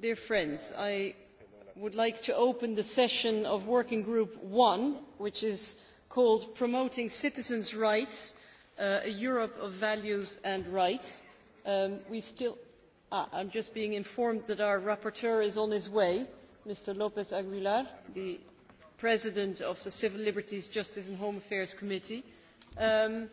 Dear friends, I would like to open the session of Working Group One, which is called Promoting Citizens' Rights, uh, a Europe of Values and Rights. Um, we still, ah, I'm just being informed that our rapporteur is on his way, Mr. Lopez Aguilar, the President of the Civil Liberties, Justice and Home Affairs Committee. Um,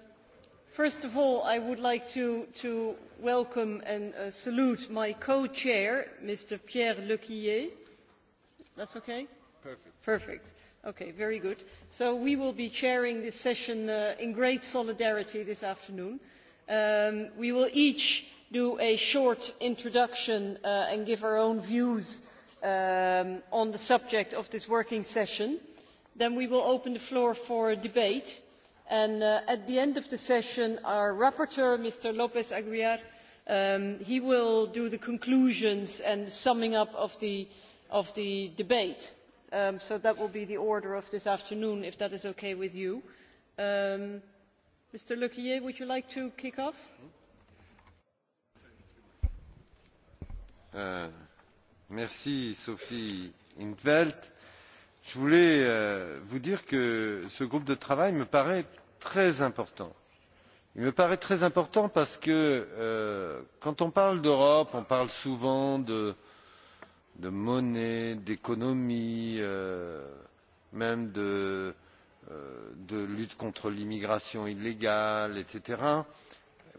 First of all, I would like to, to welcome and uh, salute my co-chair, Mr. Pierre Lequillet. That's okay? Perfect. Perfect. Okay, very good. So we will be chairing this session uh, in great solidarity this afternoon. Um, we will each do a short introduction uh, and give our own views um, on the subject of this working session. Then we will open the floor for debate And uh, at the end of the session, our rapporteur, Mr. Lopez Aguiar, um, he will do the conclusions and summing up of the, of the debate. Um, so that will be the order of this afternoon, if that is okay with you. Um, Mr. Lequier, would you like to kick off? Uh, merci, Sophie Intveld je voulais euh, vous dire que ce groupe de travail me paraît très important. Il me paraît très important parce que euh, quand on parle d'Europe, on parle souvent de, de monnaie, d'économie, euh, même de, euh, de lutte contre l'immigration illégale, etc.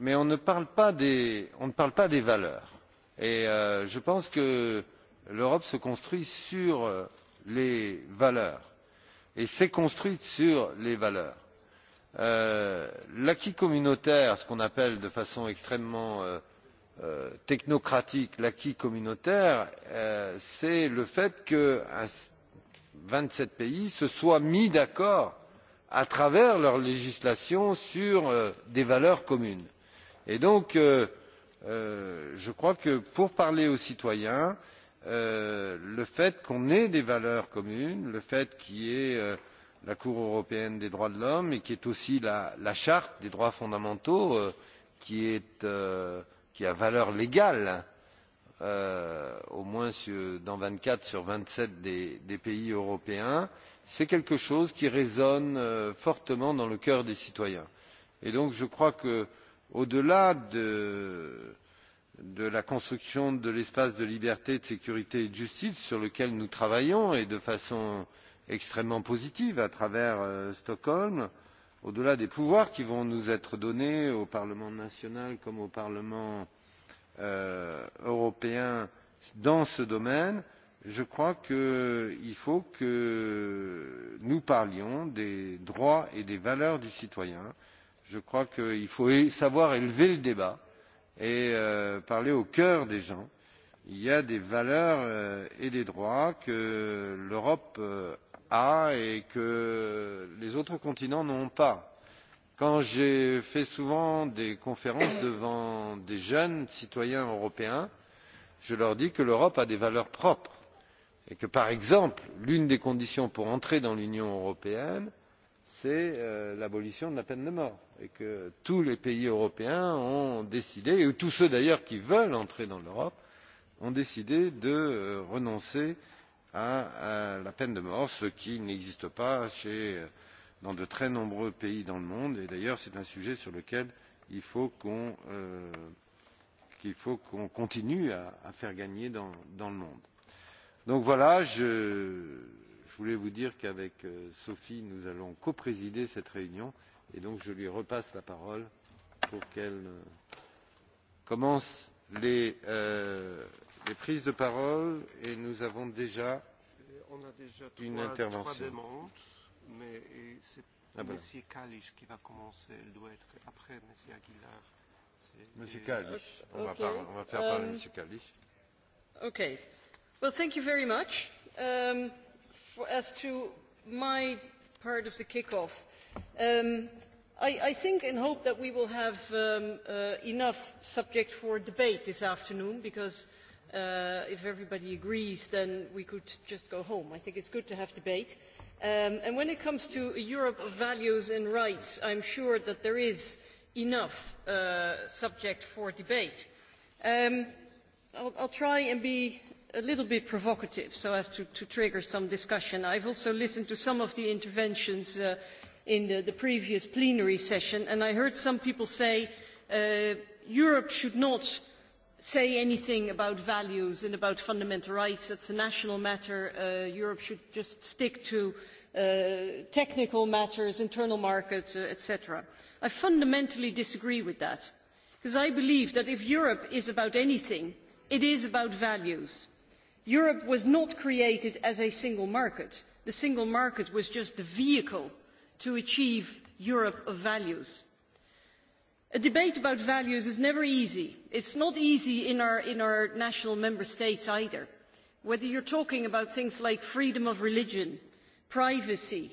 Mais on ne parle pas des, on ne parle pas des valeurs. Et euh, je pense que l'Europe se construit sur euh, les valeurs et s'est construite sur les valeurs. Euh, l'acquis communautaire, ce qu'on appelle de façon extrêmement euh, euh, technocratique l'acquis communautaire, euh, c'est le fait que vingt sept pays se soient mis d'accord à travers leur législation sur euh, des valeurs communes. Et donc, euh, je crois que pour parler aux citoyens, euh, Euh, le fait qu'on ait des valeurs communes, le fait qu'il y ait euh, la Cour européenne des droits de l'homme et qui est aussi la, la charte des droits fondamentaux euh, qui, est, euh, qui a valeur légale euh, au moins sur, dans 24 sur 27 des, des pays européens, c'est quelque chose qui résonne euh, fortement dans le cœur des citoyens. Et donc je crois que au-delà de euh, de la construction de l'espace de liberté, de sécurité et de justice sur lequel nous travaillons et de façon extrêmement positive à travers euh, Stockholm, au delà des pouvoirs qui vont nous être donnés au Parlement national comme au Parlement euh, européen dans ce domaine, je crois qu'il faut que nous parlions des droits et des valeurs du citoyen. Je crois qu'il faut savoir élever le débat et euh, parler au cœur des gens. Il y a des valeurs euh, et des droits que l'Europe euh, a et que les autres continents n'ont pas. Quand j'ai fait souvent des conférences devant des jeunes citoyens européens, je leur dis que l'Europe a des valeurs propres et que, par exemple, l'une des conditions pour entrer dans l'Union européenne, c'est euh, l'abolition de la peine de mort et que tous les pays européens ont décidé et tous ceux d'ailleurs qui veulent entrer dans l'europe ont décidé de euh, renoncer à, à la peine de mort ce qui n'existe pas chez, euh, dans de très nombreux pays dans le monde et d'ailleurs c'est un sujet sur lequel il faut qu'on euh, continue à, à faire gagner dans, dans le monde. Donc voilà, je, je voulais vous dire qu'avec euh, Sophie, nous allons coprésider cette réunion et donc je lui repasse la parole pour qu'elle euh, commence les, euh, les prises de parole et nous avons déjà, On a déjà trois, une intervention. Trois demandes, mais c'est ah ben. Monsieur Kalish qui va commencer, elle doit être après Monsieur Aguilar. Monsieur Kalish, on, okay. va on va faire um, parler euh, Monsieur Kalish. Ok. Well, thank you very much. Um, for, as to my part of the kick-off, Um, I, I think and hope that we will have um, uh, enough subject for debate this afternoon because uh, if everybody agrees then we could just go home. I think it's good to have debate. Um, and when it comes to a Europe of values and rights, I'm sure that there is enough uh, subject for debate. Um, I'll, I'll try and be a little bit provocative so as to, to trigger some discussion. I've also listened to some of the interventions uh, in the, the previous plenary session, and I heard some people say uh, Europe should not say anything about values and about fundamental rights. That's a national matter. Uh, Europe should just stick to uh, technical matters, internal markets, uh, etc. I fundamentally disagree with that, because I believe that if Europe is about anything, it is about values. Europe was not created as a single market. The single market was just the vehicle to achieve Europe of values. A debate about values is never easy. It is not easy in our, in our national member states either. Whether you are talking about things like freedom of religion, privacy,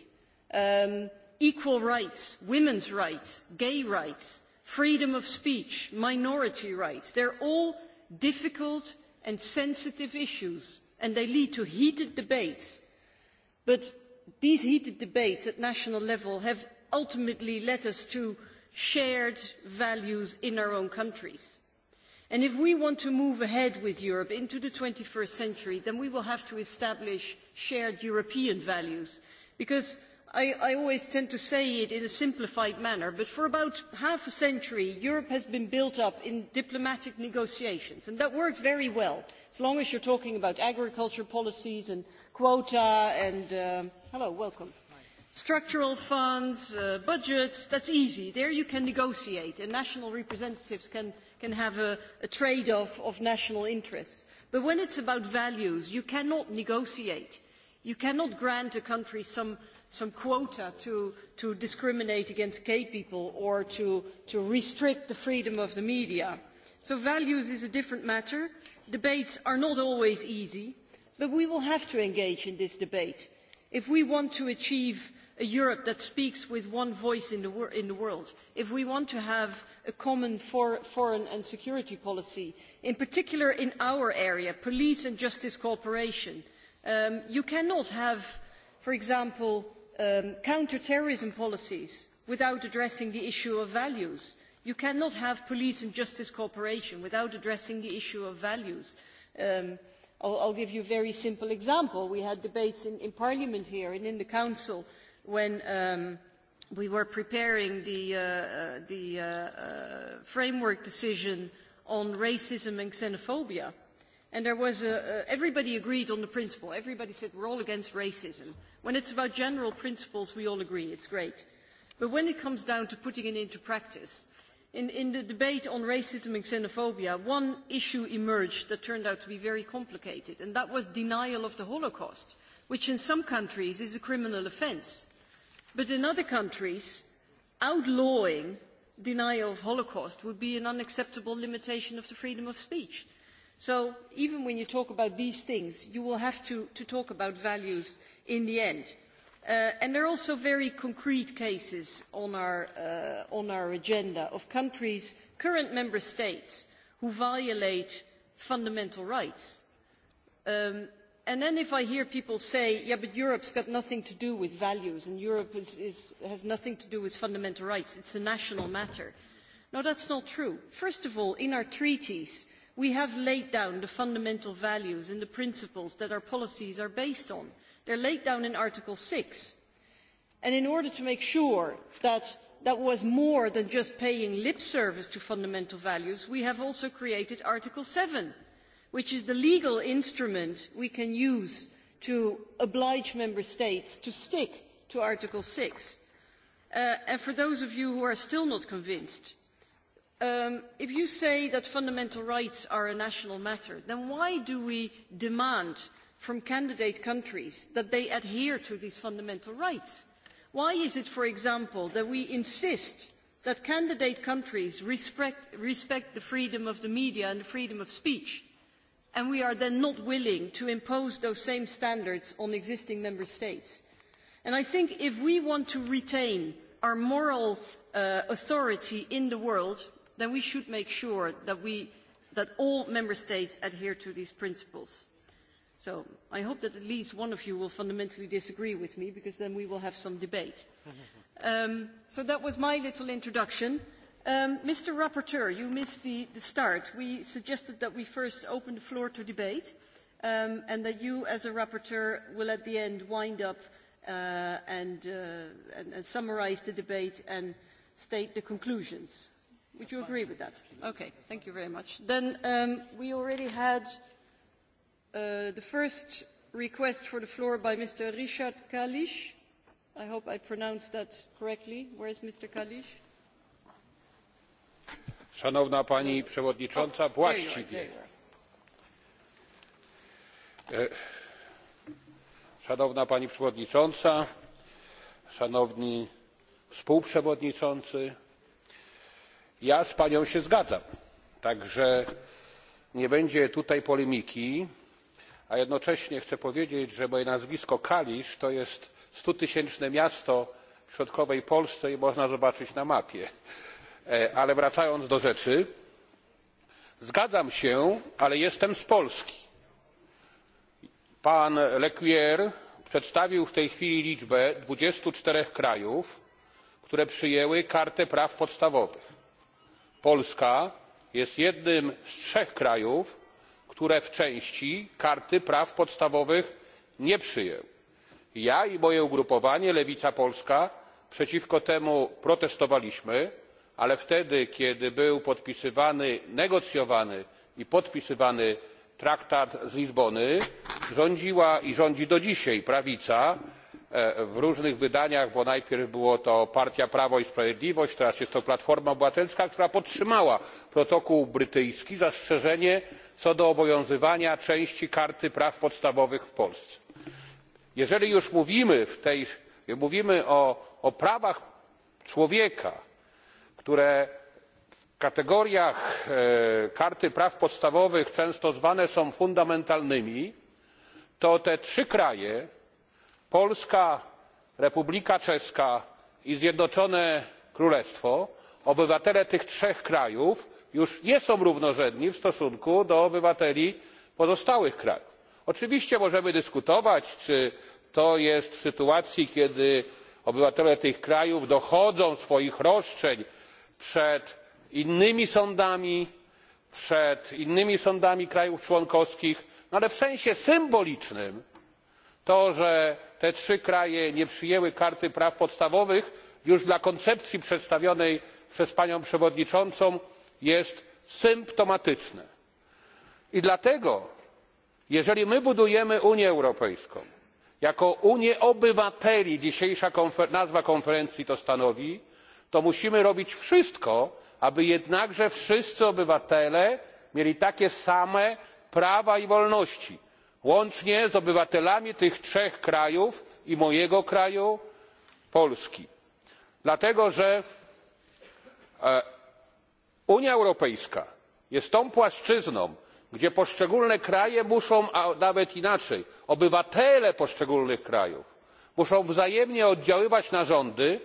um, equal rights, women's rights, gay rights, freedom of speech, minority rights, they are all difficult and sensitive issues and they lead to heated debates. But These heated debates at national level have ultimately led us to shared values in our own countries. And if we want to move ahead with Europe into the twenty first century, then we will have to establish shared European values. Because I, I always tend to say it in a simplified manner, but for about half a century, Europe has been built up in diplomatic negotiations, and that worked very well, as long as you are talking about agriculture policies and quota and... Uh, Hello, welcome. Structural funds, uh, budgets, that's easy. There you can negotiate and national representatives can, can have a, a trade-off of national interests. But when it's about values, you cannot negotiate. You cannot grant a country some, some quota to, to discriminate against gay people or to, to restrict the freedom of the media. So values is a different matter. Debates are not always easy, but we will have to engage in this debate If we want to achieve a Europe that speaks with one voice in the, wor in the world, if we want to have a common for foreign and security policy, in particular in our area, police and justice cooperation, um, you cannot have, for example, um, counter-terrorism policies without addressing the issue of values. You cannot have police and justice cooperation without addressing the issue of values. Um, I'll, I'll give you a very simple example. We had debates in, in Parliament here and in the Council when um, we were preparing the, uh, uh the uh, uh, framework decision on racism and xenophobia. And there was a, uh, everybody agreed on the principle. Everybody said we're all against racism. When it's about general principles, we all agree. It's great. But when it comes down to putting it into practice, In, in the debate on racism and xenophobia, one issue emerged that turned out to be very complicated, and that was denial of the Holocaust, which in some countries is a criminal offence. But in other countries, outlawing denial of Holocaust would be an unacceptable limitation of the freedom of speech. So even when you talk about these things, you will have to, to talk about values in the end. Uh, and there are also very concrete cases on our, uh, on our, agenda of countries, current member states, who violate fundamental rights. Um, and then if I hear people say, yeah, but Europe's got nothing to do with values and Europe is, is, has nothing to do with fundamental rights, it's a national matter. No, that's not true. First of all, in our treaties, we have laid down the fundamental values and the principles that our policies are based on. They are laid down in Article six. And in order to make sure that that was more than just paying lip service to fundamental values, we have also created Article seven, which is the legal instrument we can use to oblige member states to stick to Article six. Uh, and for those of you who are still not convinced, um, if you say that fundamental rights are a national matter, then why do we demand from candidate countries that they adhere to these fundamental rights? Why is it, for example, that we insist that candidate countries respect, respect the freedom of the media and the freedom of speech, and we are then not willing to impose those same standards on existing member states? And I think if we want to retain our moral uh, authority in the world, then we should make sure that, we, that all member states adhere to these principles. So I hope that at least one of you will fundamentally disagree with me because then we will have some debate. Um, so that was my little introduction. Um, Mr. Rapporteur, you missed the, the start. We suggested that we first open the floor to debate um, and that you as a rapporteur will at the end wind up uh, and, uh, and, and summarize the debate and state the conclusions. Would you agree with that? Okay, thank you very much. Then um, we already had Uh, the first request for the floor by Mr. Richard Kalish. I hope I pronounced that correctly. Where is Mr. Kalish? Szanowna Pani Przewodnicząca, oh, właściwie. E, Szanowna Pani Przewodnicząca, Szanowni Współprzewodniczący, ja z Panią się zgadzam, także nie będzie tutaj polemiki a jednocześnie chcę powiedzieć że moje nazwisko kalisz to jest stutysięczne miasto w środkowej polsce i można zobaczyć na mapie. E, ale wracając do rzeczy zgadzam się ale jestem z polski. pan lecuyer przedstawił w tej chwili liczbę dwadzieścia cztery krajów które przyjęły kartę praw podstawowych. polska jest jednym z trzech krajów które w części karty praw podstawowych nie przyjęły. ja i moje ugrupowanie lewica polska przeciwko temu protestowaliśmy ale wtedy kiedy był podpisywany negocjowany i podpisywany traktat z lizbony rządziła i rządzi do dzisiaj prawica E, w różnych wydaniach bo najpierw była to partia prawo i sprawiedliwość teraz jest to platforma obywatelska która podtrzymała protokół brytyjski zastrzeżenie co do obowiązywania części karty praw podstawowych w polsce. jeżeli już mówimy, tej, mówimy o, prawach człowieka które w kategoriach e, karty praw podstawowych często zwane są fundamentalnymi to te trzy kraje polska republika czeska i zjednoczone królestwo obywatele tych trzech krajów już nie są równorzędni w stosunku do obywateli pozostałych krajów. oczywiście możemy dyskutować czy to jest w sytuacji kiedy obywatele tych krajów dochodzą swoich roszczeń przed innymi sądami przed innymi sądami krajów członkowskich ale w sensie symbolicznym to że te trzy kraje nie przyjęły karty praw podstawowych już dla koncepcji przedstawionej przez panią przewodniczącą jest symptomatyczne. i dlatego jeżeli my budujemy unię europejską jako unię obywateli dzisiejsza nazwa konferencji to stanowi to musimy robić wszystko aby jednakże wszyscy obywatele mieli takie same prawa i wolności łącznie z obywatelami tych trzech krajów i mojego kraju polski dlatego że e, unia europejska jest tą płaszczyzną gdzie poszczególne kraje muszą a nawet inaczej obywatele poszczególnych krajów muszą wzajemnie oddziaływać na rządy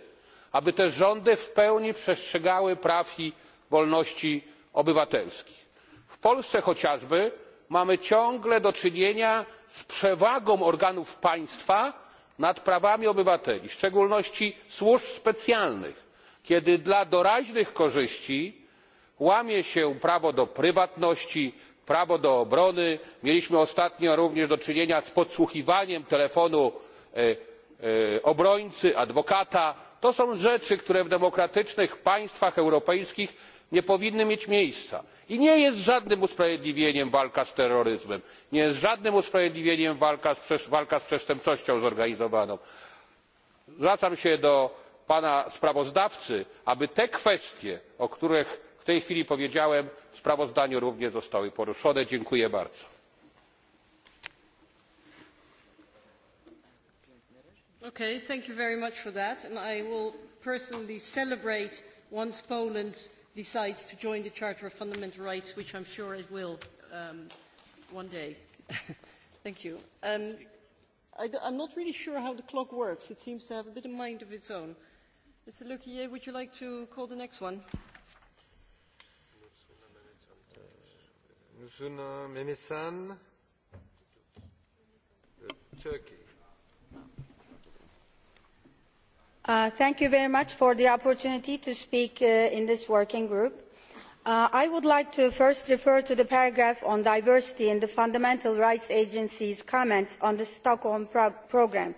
aby te rządy w pełni przestrzegały praw i wolności obywatelskich. w polsce chociażby mamy ciągle do czynienia z przewagą organów państwa nad prawami obywateli w szczególności służb specjalnych kiedy dla doraźnych korzyści łamie się prawo do prywatności prawo do obrony mieliśmy ostatnio również do czynienia z podsłuchiwaniem telefonu e, e, obrońcy adwokata to są rzeczy które w demokratycznych państwach europejskich nie powinny mieć miejsca. I nie jest żadnym usprawiedliwieniem walka z terroryzmem, nie jest żadnym usprawiedliwieniem walka z, walka z przestępczością zorganizowaną. Zwracam się do pana sprawozdawcy, aby te kwestie, o których w tej chwili powiedziałem, w sprawozdaniu również zostały poruszone. Dziękuję bardzo. Okay, thank you very much for that. And I will personally celebrate once decides to join the Charter of Fundamental Rights, which I'm sure it will um, one day. Thank you. Um, I, d I'm not really sure how the clock works. It seems to have a bit of mind of its own. Mr. Lequier, would you like to call the next one? Nusuna uh, Turkey. Uh, thank you very much for the opportunity to speak uh, in this working group. Uh, I would like to first refer to the paragraph on diversity in the Fundamental Rights Agency's comments on the Stockholm pro Programme.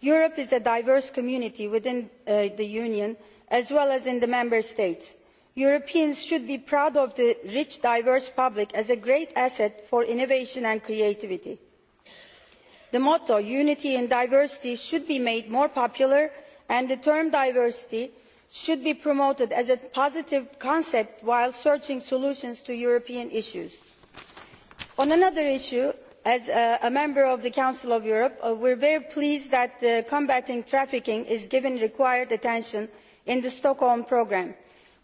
Europe is a diverse community within uh, the Union as well as in the Member States. Europeans should be proud of the rich, diverse public as a great asset for innovation and creativity. The motto, unity in diversity, should be made more popular and the term diversity should be promoted as a positive concept while searching solutions to European issues. On another issue, as a, a member of the Council of Europe, uh, we are very pleased that uh, combating trafficking is given required attention in the Stockholm programme.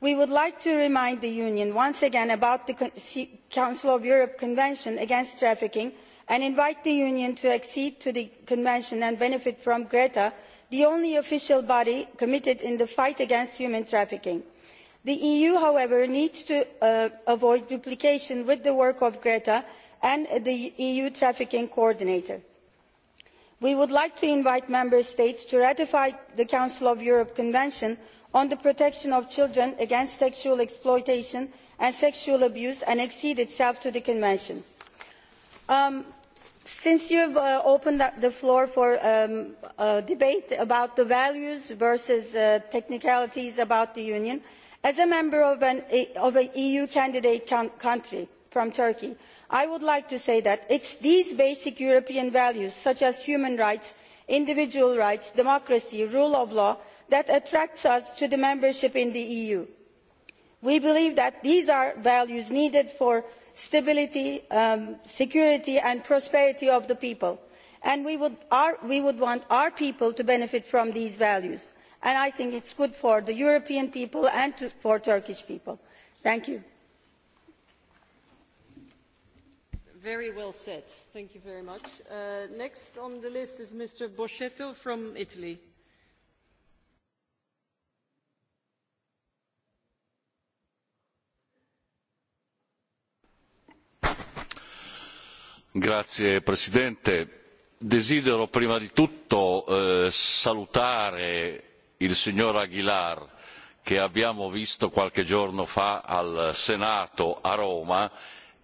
We would like to remind the Union once again about the Council of Europe Convention Against Trafficking and invite the Union to accede to the Convention and benefit from Greta the only official body committed in the fight against human trafficking. the eu however needs to uh, avoid duplication with the work of greta and the eu trafficking coordinator. we would like to invite member states to ratify the council of europe convention on the protection of children against sexual exploitation and sexual abuse and accede itself to the convention. Um, Since you've uh, opened up the floor for um, a debate about the values versus uh, technicalities about the Union, as a member of an, e, of EU candidate country from Turkey, I would like to say that it's these basic European values, such as human rights, individual rights, democracy, rule of law, that attracts us to the membership in the EU. We believe that these are values needed for stability, um, security and prosperity of the people. And we would, our, we would want our people to benefit from these values. And I think it is good for the European people and to, for Turkish people. Thank you. Very well said. Thank you very much. Uh, next on the list is Mr. Boschetto from Italy. Grazie Presidente. Desidero prima di tutto eh, salutare il signor Aguilar che abbiamo visto qualche giorno fa al Senato a Roma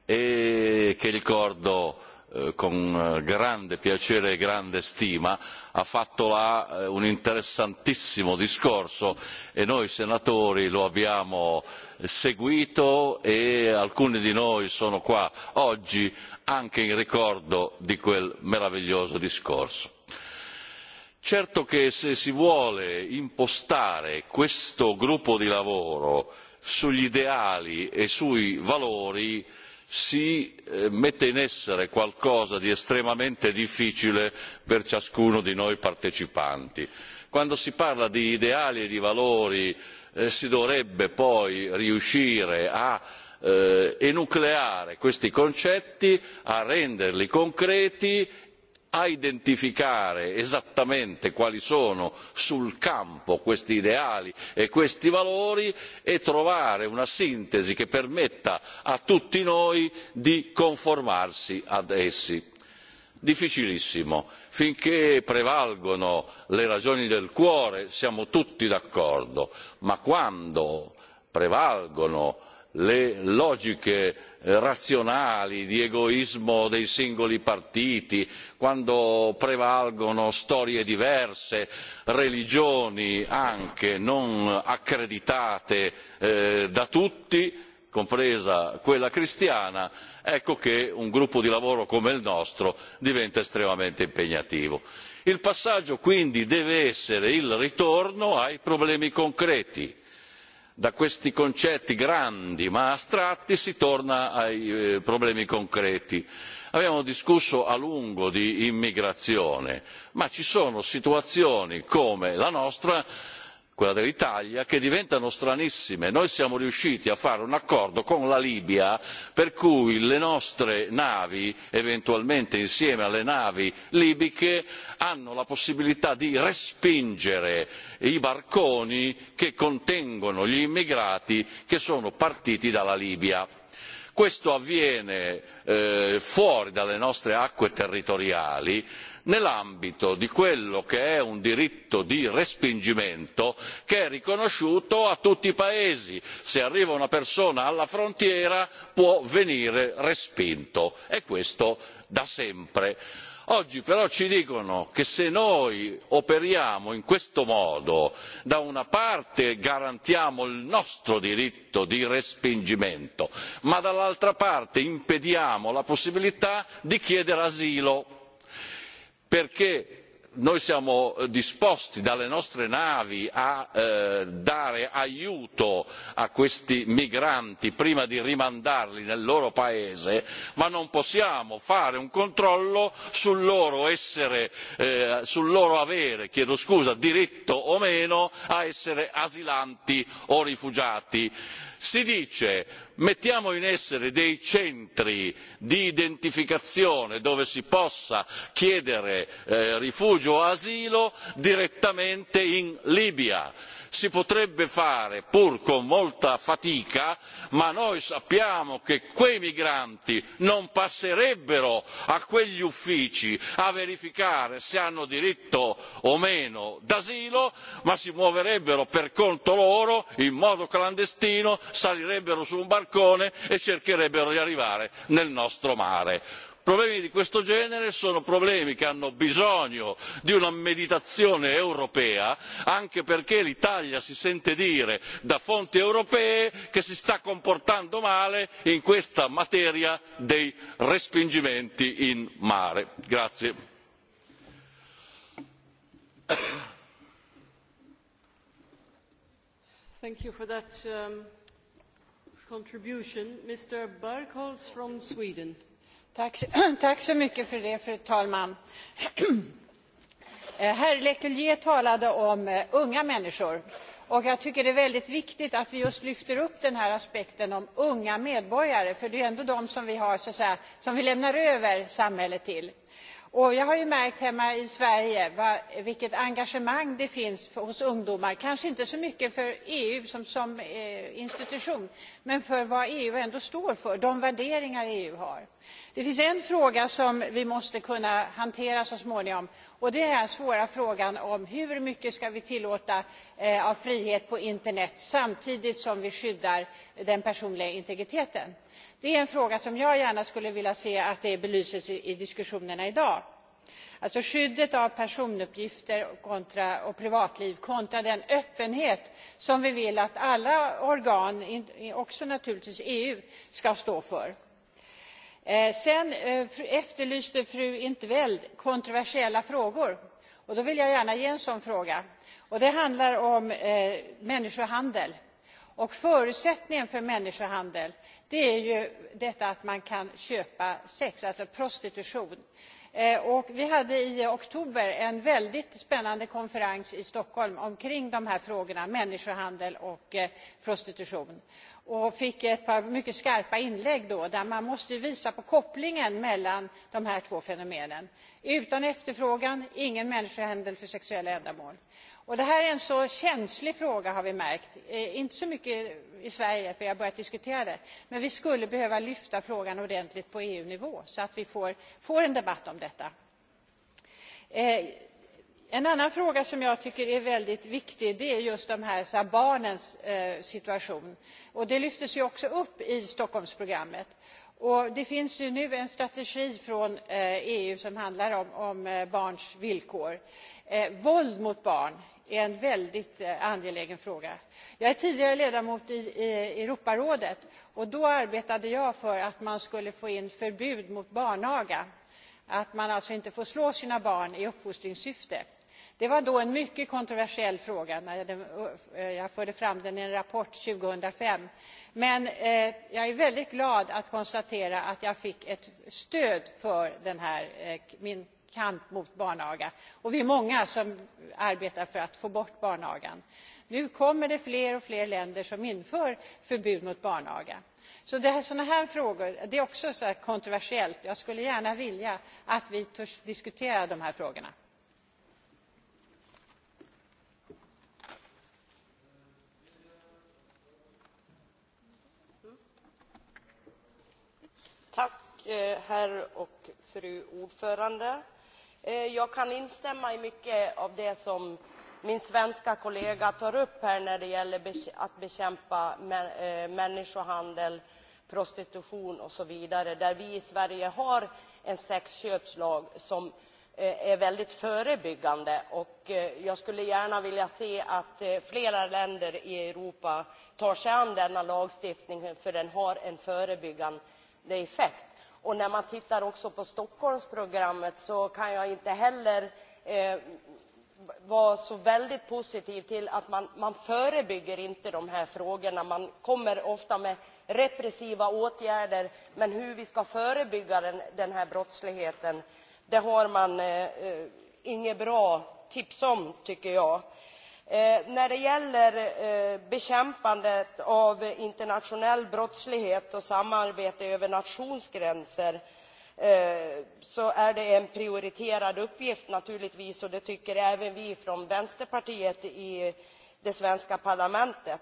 e che ricordo Eh, con eh, grande piacere e grande stima, ha fatto là eh, un interessantissimo discorso e noi senatori lo abbiamo seguito e alcuni di noi sono qua oggi anche in ricordo di quel meraviglioso discorso. Certo che se si vuole impostare questo gruppo di lavoro sugli ideali e sui valori si eh, mette in essere qualcosa di estremamente difficile per ciascuno di noi partecipanti. Quando si parla di ideali e di valori eh, si dovrebbe poi riuscire a eh, enucleare questi concetti, a renderli concreti a identificare esattamente quali sono sul campo questi ideali e questi valori e trovare una sintesi che permetta a tutti noi di conformarsi ad essi. Difficilissimo, finché prevalgono le ragioni del cuore siamo tutti d'accordo, ma quando prevalgono le logiche razionali di egoismo dei singoli partiti, quando prevalgono storie diverse, religioni anche non accreditate eh, da tutti, compresa quella cristiana, ecco che un gruppo di lavoro come il nostro diventa estremamente impegnativo. Il passaggio quindi deve essere il ritorno ai problemi concreti da questi concetti grandi ma astratti si torna ai eh, problemi concreti. Abbiamo discusso a lungo di immigrazione, ma ci sono situazioni come la nostra quella dell'Italia, che diventano stranissime. Noi siamo riusciti a fare un accordo con la Libia per cui le nostre navi, eventualmente insieme alle navi libiche, hanno la possibilità di respingere i barconi che contengono gli immigrati che sono partiti dalla Libia. Questo avviene eh, fuori dalle nostre acque territoriali nell'ambito di quello che è un diritto di respingimento che è riconosciuto a tutti i paesi. Se arriva una persona alla frontiera può venire respinto e questo da sempre. Oggi però ci dicono che se noi operiamo in questo modo, da una parte garantiamo il nostro diritto di respingimento, ma dall'altra parte impediamo la possibilità di chiedere asilo perché noi siamo disposti dalle nostre navi a eh, dare aiuto a questi migranti prima di rimandarli nel loro paese, ma non possiamo fare un controllo sul loro, essere, eh, sul loro avere chiedo scusa, diritto o meno a essere asilanti o rifugiati Si dice mettiamo in essere dei centri di identificazione dove si possa chiedere eh, rifugio o asilo direttamente in Libia si potrebbe fare pur con molta fatica ma noi sappiamo che quei migranti non passerebbero a quegli uffici a verificare se hanno diritto o meno d'asilo ma si muoverebbero per conto loro in modo clandestino salirebbero su un barcone e cercherebbero di arrivare nel nostro mare. Problemi di questo genere sono problemi che hanno bisogno di una meditazione europea, anche perché l'Italia si sente dire da fonti europee che si sta comportando male in questa materia dei respingimenti in mare. Grazie. Thank you for that um, contribution. Mr. Barkholz from Sweden. Tack så mycket för det, fru talman. Eh, Herr Leculier talade om eh, unga människor. Och jag tycker det är väldigt viktigt att vi just lyfter upp den här aspekten om unga medborgare, för det är ändå dem som vi, har, så att säga, som vi lämnar över samhället till. Och jag har ju märkt hemma i Sverige vad, vilket engagemang det finns för, hos ungdomar. Kanske inte så mycket för EU som, som eh, institution, men för vad EU ändå står för, de värderingar EU har. Det finns en fråga som vi måste kunna hantera så småningom och det är den svåra frågan om hur mycket ska vi tillåta eh, av frihet på internet samtidigt som vi skyddar den personliga integriteten. Det är en fråga som jag gärna skulle vilja se att det belyses i diskussionerna idag. Alltså skyddet av personuppgifter kontra, och privatliv kontra den öppenhet som vi vill att alla organ, också naturligtvis EU, ska stå för. Eh, sen eh, efterlyste fru Intveld kontroversiella frågor. Och då vill jag gärna ge en sån fråga. Och det handlar om eh, människohandel. Och förutsättningen för människohandel är ju detta att man kan köpa sex, alltså prostitution. Eh, och vi hade i oktober en väldigt spännande konferens i Stockholm omkring de här frågorna, människohandel och eh, prostitution. Och fick ett par mycket skarpa inlägg då, där man måste visa på kopplingen mellan de här två fenomenen. Utan efterfrågan, ingen människohandel för sexuella ändamål. Och det här är en så känslig fråga har vi märkt. Eh, inte så mycket i Sverige, för jag har börjat diskutera det. Men vi skulle behöva lyfta frågan ordentligt på EU-nivå så att vi får, får en debatt om detta. Eh, en annan fråga som jag tycker är väldigt viktig det är just de här, så här barnens eh, situation. Och det lyftes ju också upp i Stockholmsprogrammet. Och det finns ju nu en strategi från eh, EU som handlar om, om eh, barns villkor. Eh, våld mot barn är en väldigt eh, angelägen fråga. Jag är tidigare ledamot i, Europarådet och då arbetade jag för att man skulle få in förbud mot barnaga. Att man alltså inte får slå sina barn i uppfostringssyfte. Det var då en mycket kontroversiell fråga när jag eh, förde fram den i en rapport 2005. Men eh, jag är väldigt glad att konstatera att jag fick ett stöd för den här, min kamp mot barnaga. Och vi är många som arbetar för att få bort barnagan. Nu kommer det fler och fler länder som inför förbud mot barnaga. Så det här, sådana här frågor, det är också så här kontroversiellt. Jag skulle gärna vilja att vi törs diskutera de här frågorna. Tack eh, herr och fru ordförande. Eh, jag kan instämma i mycket av det som min svenska kollega tar upp här när det gäller att bekämpa eh, människohandel, prostitution och så vidare. Där vi i Sverige har en sexköpslag som eh, är väldigt förebyggande och jag skulle gärna vilja se att flera länder i Europa tar sig an denna lagstiftning för den har en förebyggande effekt. Och när man tittar också på Stockholmsprogrammet så kan jag inte heller eh, vara så väldigt positiv till att man, man förebygger inte de här frågorna. Man kommer ofta med repressiva åtgärder, men hur vi ska förebygga den, den här brottsligheten, det har man eh, eh inget bra tips om, tycker jag. Eh, när det gäller eh, bekämpandet av internationell brottslighet och samarbete över nationsgränser eh, så är det en prioriterad uppgift naturligtvis och det tycker även vi från Vänsterpartiet i det svenska parlamentet.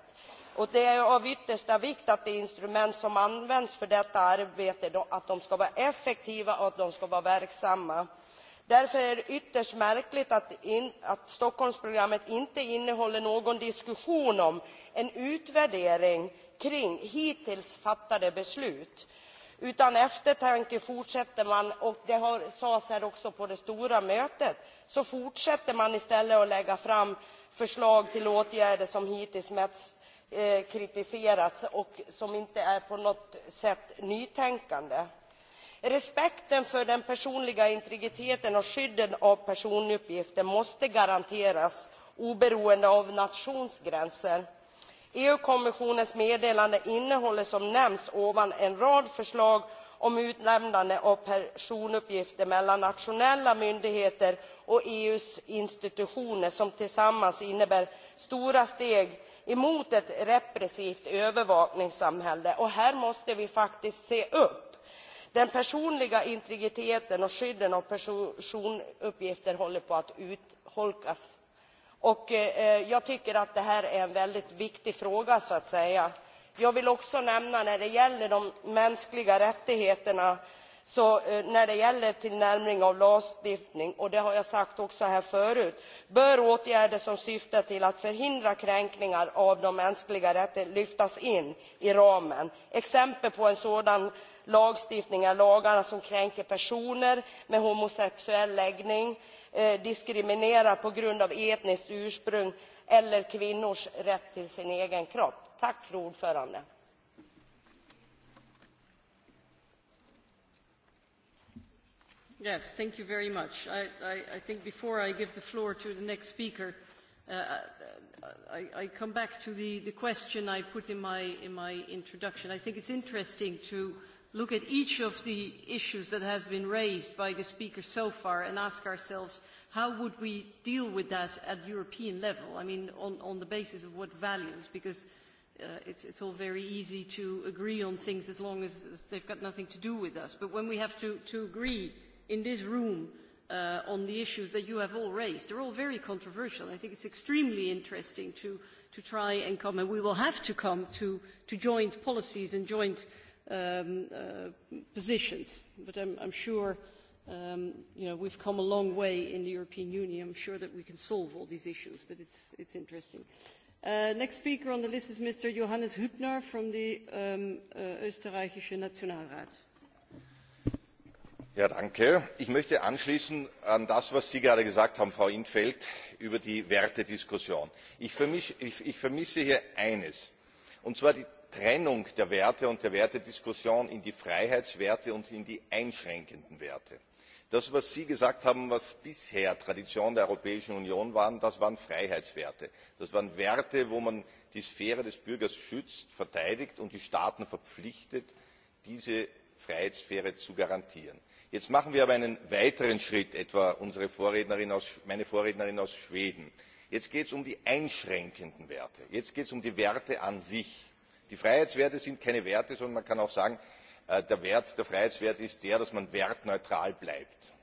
Och det är av yttersta vikt att de instrument som används för detta arbete att de ska vara effektiva och att de ska vara verksamma. Därför är det ytterst märkligt att, in, att Stockholmsprogrammet inte innehåller någon diskussion om en utvärdering kring hittills fattade beslut. Utan eftertanke fortsätter man, och det har sades här också på det stora mötet, så fortsätter man istället att lägga fram förslag till åtgärder som hittills mest eh, kritiserats och som inte är på något sätt nytänkande respekten för den personliga integriteten och skydden av personuppgifter måste garanteras oberoende av nationsgränser. eu kommissionens meddelande innehåller som nämnts ovan en rad förslag om utlämnande av personuppgifter mellan nationella myndigheter och EUs institutioner som tillsammans innebär stora steg mot ett repressivt övervakningssamhälle. här måste vi faktiskt se upp. Den personliga integriteten och skydden av personuppgifter håller på att utholkas. Och eh, jag tycker att det här är en väldigt viktig fråga så att säga. Jag vill också nämna när det gäller de mänskliga rättigheterna så eh, när det gäller tillnärmning av lagstiftning, och det har jag sagt också här förut, bör åtgärder som syftar till att förhindra kränkningar av de mänskliga rättigheterna lyftas in i ramen. Exempel på en sådan lagstiftningar, lagarna som kränker personer med homosexuell läggning, eh, diskriminerar på grund av etniskt ursprung eller kvinnors rätt till sin egen kropp. Tack för ordförande. Yes, thank you very much. I, I, I think before I give the floor to the next speaker, uh, uh, I, I come back to the, the question I put in my, in my introduction. I think it's interesting to look at each of the issues that has been raised by the speaker so far and ask ourselves how would we deal with that at European level? I mean, on, on the basis of what values? Because uh, it's, it's all very easy to agree on things as long as they've got nothing to do with us. But when we have to, to agree in this room uh, on the issues that you have all raised, they're all very controversial. I think it's extremely interesting to, to try and come, and we will have to come to, to joint policies and joint uh, um, uh, positions. But I'm, I'm sure um, you know, we've come a long way in the European Union. I'm sure that we can solve all these issues, but it's, it's interesting. Uh, next speaker on the list is Mr. Johannes Hübner from the um, uh, Österreichische Nationalrat. Ja, danke. Ich möchte anschließen an das, was Sie gerade gesagt haben, Frau Infeld, über die Wertediskussion. Ich, vermisch, ich, ich vermisse hier eines, und zwar die trennung der werte und der wertediskussion in die freiheitswerte und in die einschränkenden werte. das was sie gesagt haben was bisher tradition der europäischen union war das waren freiheitswerte das waren werte wo man die sphäre des bürgers schützt verteidigt und die staaten verpflichtet diese freiheitssphäre zu garantieren. jetzt machen wir aber einen weiteren schritt etwa unsere vorrednerin aus, meine vorrednerin aus schweden. jetzt geht es um die einschränkenden werte jetzt geht es um die werte an sich. Die Freiheitswerte sind keine Werte, sondern man kann auch sagen, äh, der Wert, der Freiheitswert ist der, dass man wertneutral bleibt.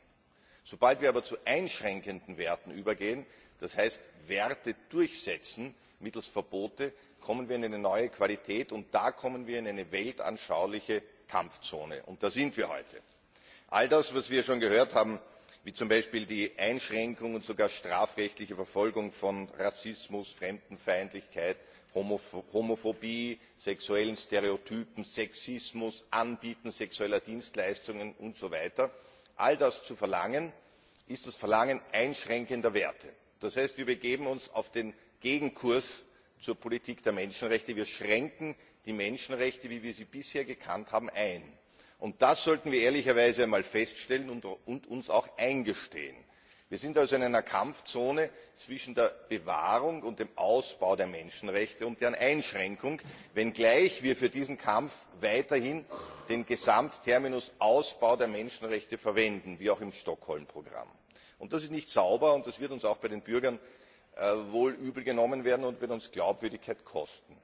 Sobald wir aber zu einschränkenden Werten übergehen, das heißt Werte durchsetzen mittels Verbote, kommen wir in eine neue Qualität und da kommen wir in eine weltanschauliche Kampfzone. Und da sind wir heute. All das, was wir schon gehört haben, wie zum Beispiel die Einschränkung und sogar strafrechtliche Verfolgung von Rassismus, Fremdenfeindlichkeit, Homophobie, sexuellen Stereotypen, Sexismus, Anbieten sexueller Dienstleistungen und so weiter. All das zu verlangen, ist das Verlangen einschränkender Werte. Das heißt, wir begeben uns auf den Gegenkurs zur Politik der Menschenrechte. Wir schränken die Menschenrechte, wie wir sie bisher gekannt haben, ein. Und das sollten wir ehrlicherweise einmal feststellen und uns auch eingestehen wir sind also in einer kampfzone zwischen der bewahrung und dem ausbau der menschenrechte und deren einschränkung wenngleich wir für diesen kampf weiterhin den gesamtterminus ausbau der menschenrechte verwenden wie auch im stockholm programm. das ist nicht sauber und das wird uns auch bei den bürgern äh, wohl übel genommen werden und wird uns glaubwürdigkeit kosten.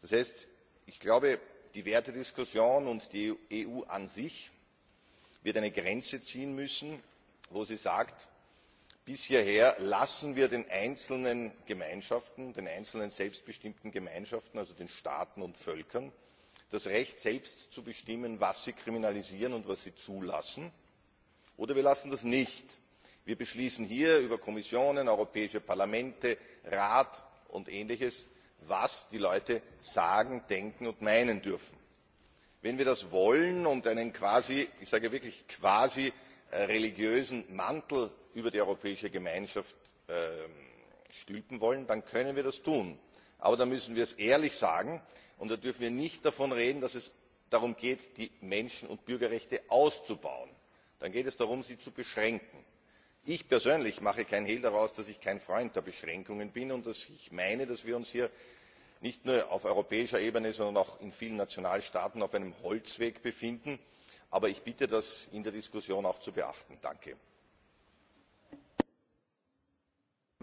das heißt ich glaube die wertediskussion und die eu an sich wird eine grenze ziehen müssen wo sie sagt bis hierher lassen wir den einzelnen gemeinschaften den einzelnen selbstbestimmten gemeinschaften also den staaten und völkern das recht selbst zu bestimmen was sie kriminalisieren und was sie zulassen oder wir lassen das nicht. wir beschließen hier über kommissionen europäische parlamente rat und ähnliches was die leute sagen denken und meinen dürfen. wenn wir das wollen und einen quasi ich sage wirklich quasi äh, religiösen mantel über die europäische gemeinschaft ähm, stülpen wollen dann können wir das tun. aber dann müssen wir es ehrlich sagen und da dürfen wir nicht davon reden dass es darum geht die menschen und bürgerrechte auszubauen. dann geht es darum sie zu beschränken. ich persönlich mache kein hehl daraus dass ich kein freund der beschränkungen bin und dass ich meine dass wir uns hier nicht nur auf europäischer ebene sondern auch in vielen nationalstaaten auf einem holzweg befinden aber ich bitte das in der diskussion auch zu beachten. danke!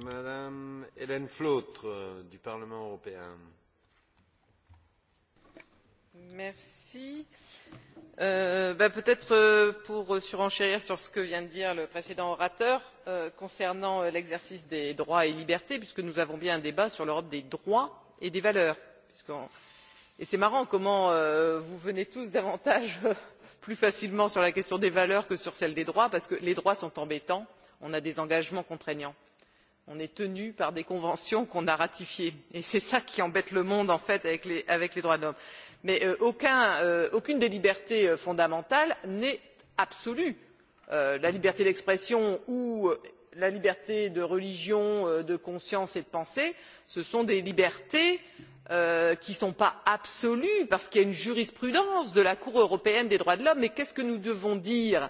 Madame Hélène Flautre euh, du Parlement européen. Merci. Euh, ben Peut-être euh, pour surenchérir sur ce que vient de dire le précédent orateur euh, concernant euh, l'exercice des droits et libertés, puisque nous avons bien un débat sur l'Europe des droits et des valeurs. Et c'est marrant comment euh, vous venez tous davantage plus facilement sur la question des valeurs que sur celle des droits, parce que les droits sont embêtants, on a des engagements contraignants on est tenu par des conventions qu'on a ratifiées. Et c'est ça qui embête le monde, en fait, avec les, avec les droits de l'homme. Mais euh, aucun, euh, aucune des libertés euh, fondamentales n'est absolue. Euh, la liberté d'expression ou euh, la liberté de religion, euh, de conscience et de pensée, ce sont des libertés euh, qui ne sont pas absolues parce qu'il y a une jurisprudence de la Cour européenne des droits de l'homme. Mais qu'est-ce que nous devons dire euh,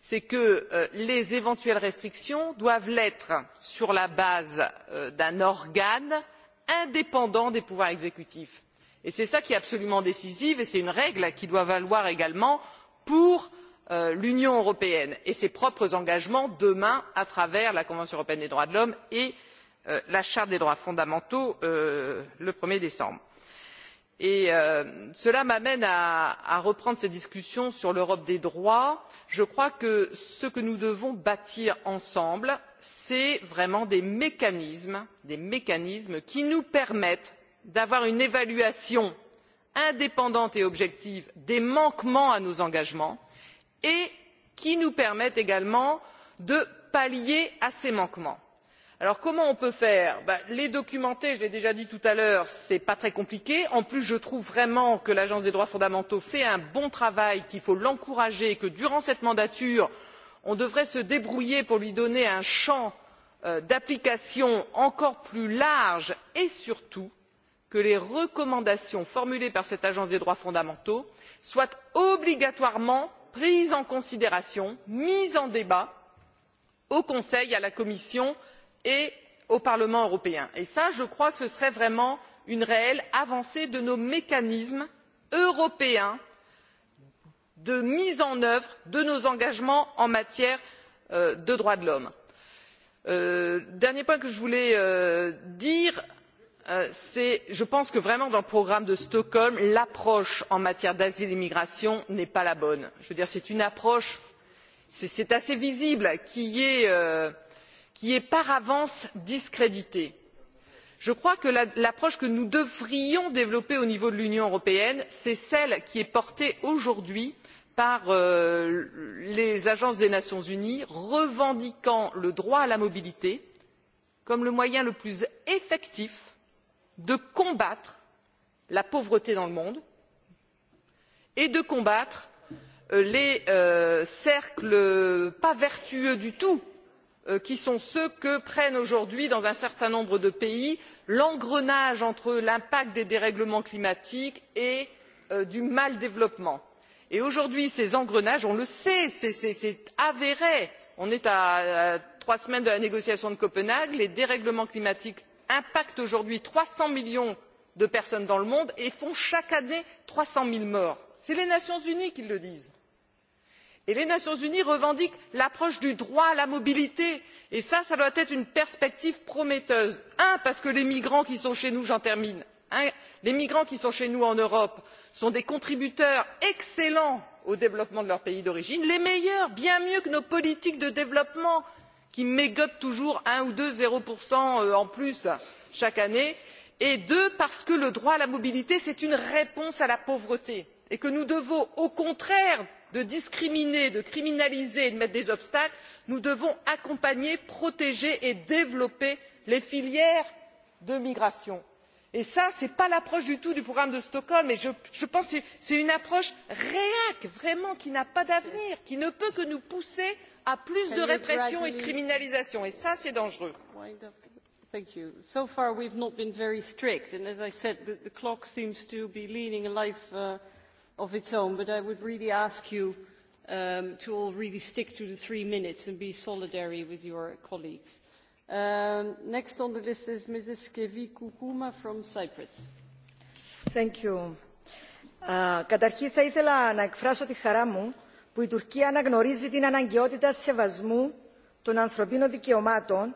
c'est que euh, les éventuelles restrictions doivent l'être sur la base euh, d'un organe indépendant des pouvoirs exécutifs et c'est cela qui est absolument décisif et c'est une règle qui doit valoir également pour euh, l'union européenne et ses propres engagements demain à travers la convention européenne des droits de l'homme et euh, la charte des droits fondamentaux euh, le un er décembre Et euh, cela m'amène à, à reprendre ces discussions sur l'Europe des droits. Je crois que ce que nous devons bâtir ensemble, c'est vraiment des mécanismes, des mécanismes qui nous permettent d'avoir une évaluation indépendante et objective des manquements à nos engagements et qui nous permettent également de pallier à ces manquements alors comment on peut faire? Ben, les documenter je l'ai déjà dit tout à l'heure ce n'est pas très compliqué en plus je trouve vraiment que l'agence des droits fondamentaux fait un bon travail qu'il faut l'encourager et que durant cette mandature on devrait se débrouiller pour lui donner un champ euh, d'application encore plus large et surtout que les recommandations formulées par cette agence des droits fondamentaux soient obligatoirement prises en considération mises en débat au conseil à la commission et au parlement européen. et ça, je crois que ce serait vraiment une réelle avancée de nos mécanismes européens de mise en œuvre de nos engagements en matière euh, de droits de l'homme. Euh, dernier point que je voulais euh, dire c'est je pense que vraiment dans le programme de stockholm l'approche en matière d'asile et de migration n'est pas la bonne. je veux dire c'est une approche c'est assez visible qui est qui est par avance discréditée. je crois que l'approche que nous devrions développer au niveau de l'union européenne c'est celle qui est portée aujourd'hui par euh, les agences des nations unies revendiquant le droit à la mobilité comme le moyen le plus effectif de combattre la pauvreté dans le monde et de combattre euh, les euh, cercles pas vertueux du tout Euh, qui sont ceux que prennent aujourd'hui dans un certain nombre de pays l'engrenage entre l'impact des dérèglements climatiques et euh, du mal développement. Et aujourd'hui, ces engrenages, on le sait, c'est avéré. On est à, trois semaines de la négociation de Copenhague. Les dérèglements climatiques impactent aujourd'hui trois cents millions de personnes dans le monde et font chaque année trois cents zéro morts. sont les Nations Unies qui le disent et les nations unies revendiquent l'approche du droit à la mobilité et cela ça, ça doit être une perspective prometteuse un parce que les migrants qui sont chez nous j'en termine hein, les migrants qui sont chez nous en europe sont des contributeurs excellents au développement de leur pays d'origine les meilleurs bien mieux que nos politiques de développement qui mégotent toujours un ou deux zéro euh, en plus chaque année et deux parce que le droit à la mobilité c'est une réponse à la pauvreté et que nous devons au contraire de discriminer de criminaliser et de mettre des obstacles nous devons accompagner protéger et développer les filières de migration. et ça ce n'est pas l'approche du tout du programme de stockholm et je, je pense que c'est une approche réac vraiment qui n'a pas d'avenir qui ne peut que nous pousser à plus de répression et de criminalisation et ça c'est dangereux. Thank you. So far, we've not been very strict, and as I said, the, the clock seems to be leaning a life uh, of its own, but I would really ask you um, to all really stick to the three minutes and be solidary with your colleagues. Um, next on the list is Mrs. Kevi Kukuma from Cyprus. Thank you. Uh, καταρχήν θα ήθελα να εκφράσω τη χαρά μου που η Τουρκία αναγνωρίζει την αναγκαιότητα σεβασμού των ανθρωπίνων δικαιωμάτων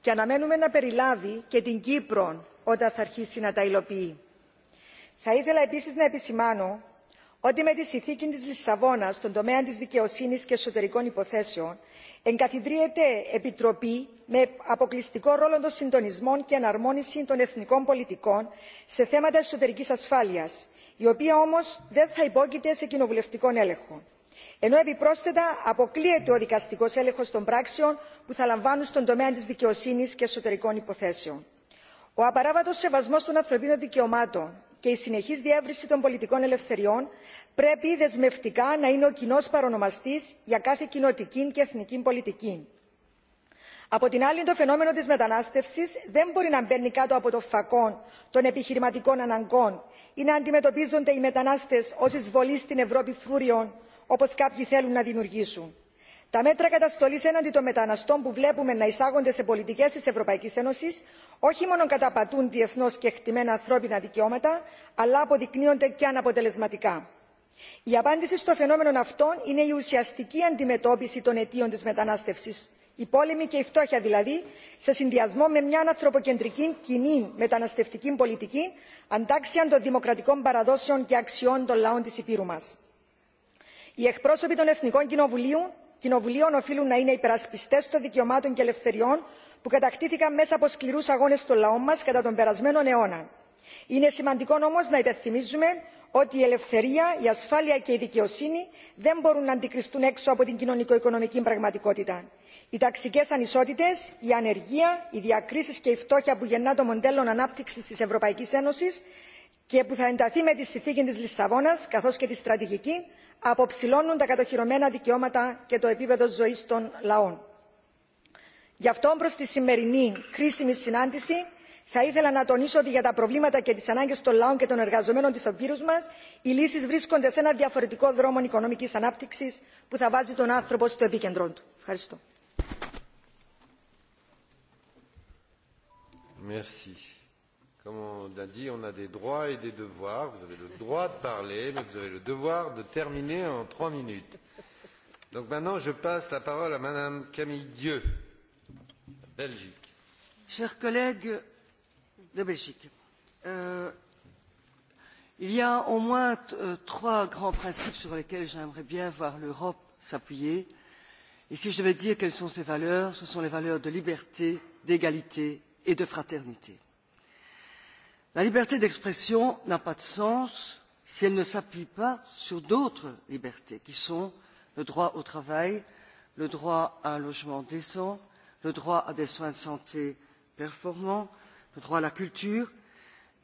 και αναμένουμε να περιλάβει και την Κύπρο όταν θα αρχίσει να τα υλοποιεί. Θα ήθελα επίσης να επισημάνω ότι με τη συνθήκη τη Λισαβόνα στον τομέα τη δικαιοσύνη και εσωτερικών υποθέσεων εγκαθιδρύεται επιτροπή με αποκλειστικό ρόλο των συντονισμών και εναρμόνιση των εθνικών πολιτικών σε θέματα εσωτερική ασφάλεια, η οποία όμω δεν θα υπόκειται σε κοινοβουλευτικό έλεγχο. Ενώ επιπρόσθετα αποκλείεται ο δικαστικό έλεγχο των πράξεων που θα λαμβάνουν στον τομέα τη δικαιοσύνη και εσωτερικών υποθέσεων. Ο απαράβατο σεβασμό των ανθρωπίνων δικαιωμάτων, και η συνεχής διεύρυνση των πολιτικών ελευθεριών πρέπει δεσμευτικά να είναι ο κοινός παρονομαστής για κάθε κοινοτική και εθνική πολιτική. Από την άλλη, το φαινόμενο της μετανάστευσης δεν μπορεί να μπαίνει κάτω από το φακό των επιχειρηματικών αναγκών ή να αντιμετωπίζονται οι μετανάστες ως εισβολή στην Ευρώπη φρούριων, όπως κάποιοι θέλουν να δημιουργήσουν τα μέτρα καταστολής έναντι των μεταναστών που βλέπουμε να εισάγονται σε πολιτικές της ευρωπαϊκής ένωσης όχι μόνο καταπατούν διεθνώς κεκτημένα ανθρώπινα δικαιώματα αλλά αποδεικνύονται και αναποτελεσματικά. η απάντηση στο φαινόμενο αυτό είναι η ουσιαστική αντιμετώπιση των αιτίων της μετανάστευσης η πόλεμη και η φτώχεια δηλαδή σε συνδυασμό με μια ανθρωποκεντρική κοινή μεταναστευτική πολιτική αντάξια των δημοκρατικών παραδόσεων και αξιών των λαών της υπήρου μας. οι εκπρόσωποι των εθνικών κοινοβουλίων κοινοβουλίων οφείλουν να είναι υπερασπιστές των δικαιωμάτων και ελευθεριών που κατακτήθηκαν μέσα από σκληρούς αγώνες των λαό μας κατά τον περασμένο αιώνα. Είναι σημαντικό όμως να υπενθυμίζουμε ότι η ελευθερία, η ασφάλεια και η δικαιοσύνη δεν μπορούν να αντικριστούν έξω από την κοινωνικο-οικονομική πραγματικότητα. Οι ταξικέ ανισότητε, η ανεργία, οι διακρίσει και η φτώχεια που γεννά το μοντέλο ανάπτυξη τη Ευρωπαϊκή Ένωση και που θα ενταθεί με τη συνθήκη τη Λισαβόνα καθώ και τη στρατηγική αποψηλώνουν τα κατοχυρωμένα δικαιώματα και το επίπεδο ζωής των λαών. Γι' αυτό προς τη σημερινή κρίσιμη συνάντηση θα ήθελα να τονίσω ότι για τα προβλήματα και τις ανάγκες των λαών και των εργαζομένων της Αμπύρους μας οι λύσεις βρίσκονται σε ένα διαφορετικό δρόμο οικονομικής ανάπτυξης που θα βάζει τον άνθρωπο στο επίκεντρο του. Ευχαριστώ. Merci. Comme on a dit, on a des droits et des devoirs. Vous avez le droit de parler, mais vous avez le devoir de terminer en trois minutes. Donc maintenant, je passe la parole à Madame Camille Dieu, Belgique. Chers collègues de Belgique, euh, il y a au moins euh, trois grands principes sur lesquels j'aimerais bien voir l'Europe s'appuyer. Et si je vais dire quelles sont ces valeurs, ce sont les valeurs de liberté, d'égalité et de fraternité. La liberté d'expression n'a pas de sens si elle ne s'appuie pas sur d'autres libertés qui sont le droit au travail, le droit à un logement décent, le droit à des soins de santé performants, le droit à la culture,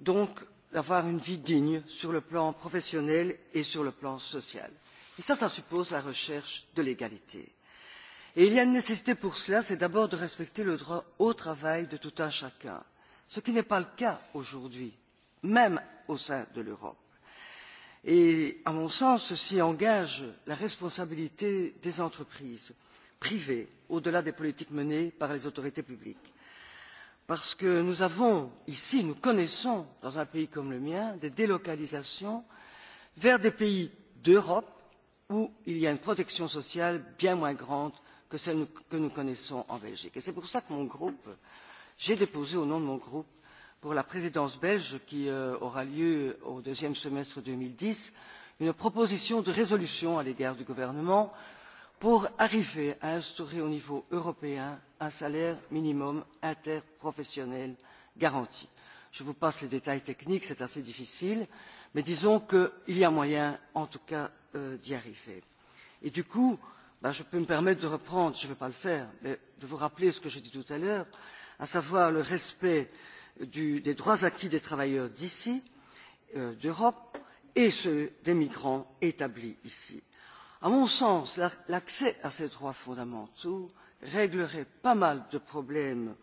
donc d'avoir une vie digne sur le plan professionnel et sur le plan social. Et ça, ça suppose la recherche de l'égalité. Et il y a une nécessité pour cela, c'est d'abord de respecter le droit au travail de tout un chacun ce qui n'est pas le cas aujourd'hui, même au sein de l'Europe. Et à mon sens, ceci engage la responsabilité des entreprises privées, au-delà des politiques menées par les autorités publiques. Parce que nous avons ici, nous connaissons dans un pays comme le mien, des délocalisations vers des pays d'Europe où il y a une protection sociale bien moins grande que celle que nous connaissons en Belgique. Et c'est pour cela que mon groupe j'ai déposé au nom de mon groupe pour la présidence belge qui euh, aura lieu au deuxième semestre deux mille dix une proposition de résolution à l'égard du gouvernement pour arriver à instaurer au niveau européen un salaire minimum interprofessionnel garanti. Je vous passe les détails techniques, c'est assez difficile, mais disons qu'il y a moyen, en tout cas, euh, d'y arriver. Et du coup, ben, je peux me permettre de reprendre, je ne vais pas le faire, mais de vous rappeler ce que j'ai dit tout à l'heure, à savoir le respect du, des droits acquis des travailleurs d'ici, euh, d'Europe, et ceux des migrants établis ici. À mon sens, l'accès à ces droits fondamentaux réglerait pas mal de problèmes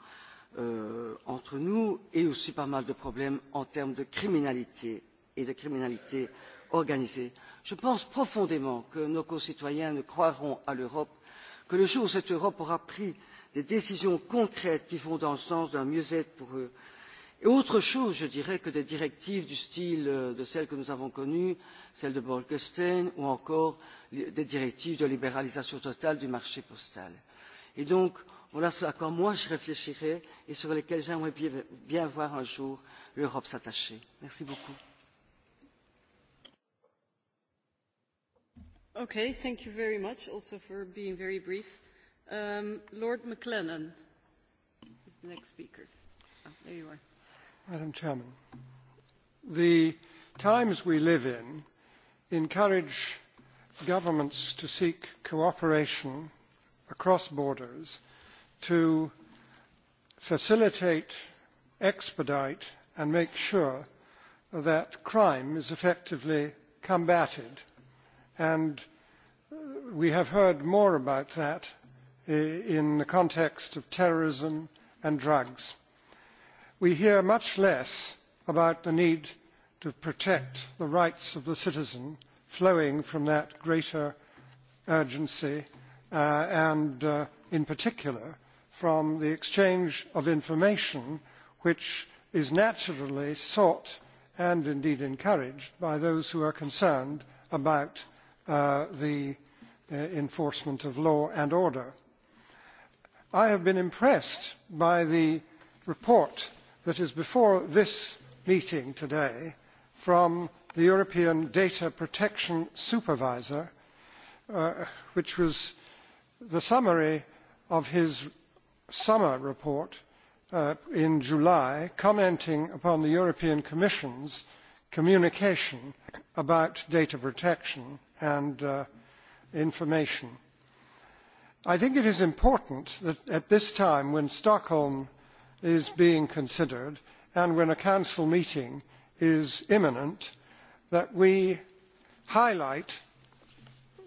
euh, entre nous et aussi pas mal de problèmes en termes de criminalité et de criminalité organisée. Je pense profondément que nos concitoyens ne croiront à l'Europe que le jour où cette Europe aura pris des décisions concrètes qui vont dans le sens d'un mieux-être pour eux. Et autre chose, je dirais, que des directives du style euh, de celles que nous avons connues, celles de Bolkestein, ou encore des directives de libéralisation totale du marché postal. Et donc, voilà ce à quoi moi je réfléchirai et sur lesquels j'aimerais bien voir un jour l'Europe s'attacher. Merci beaucoup. Okay, thank you very much also for being very brief. Um, Lord McLennan is the next speaker. Oh, there you are. Madam Chairman, the times we live in encourage governments to seek cooperation across borders to facilitate, expedite and make sure that crime is effectively combated. And uh, we have heard more about that in the context of terrorism and drugs. We hear much less about the need to protect the rights of the citizen flowing from that greater urgency uh, and, uh, in particular, from the exchange of information which is naturally sought and indeed encouraged by those who are concerned about uh, the uh, enforcement of law and order. I have been impressed by the report that is before this meeting today from the European Data Protection Supervisor, uh, which was the summary of his summer report uh, in July commenting upon the European Commission's communication about data protection and uh, information. I think it is important that at this time when Stockholm is being considered and when a council meeting is imminent that we highlight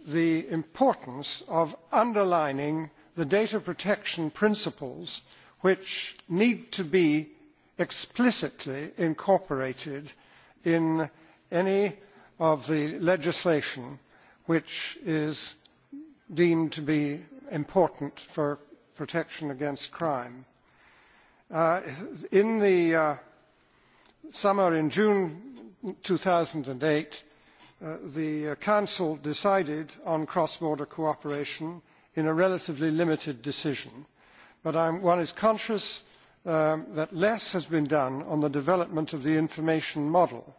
the importance of underlining the data protection principles which need to be explicitly incorporated in any of the legislation which is deemed to be important for protection against crime. Uh, in the uh, summer, in June 2008, uh, the uh, Council decided on cross-border cooperation in a relatively limited decision. But I'm, one is conscious um, that less has been done on the development of the information model.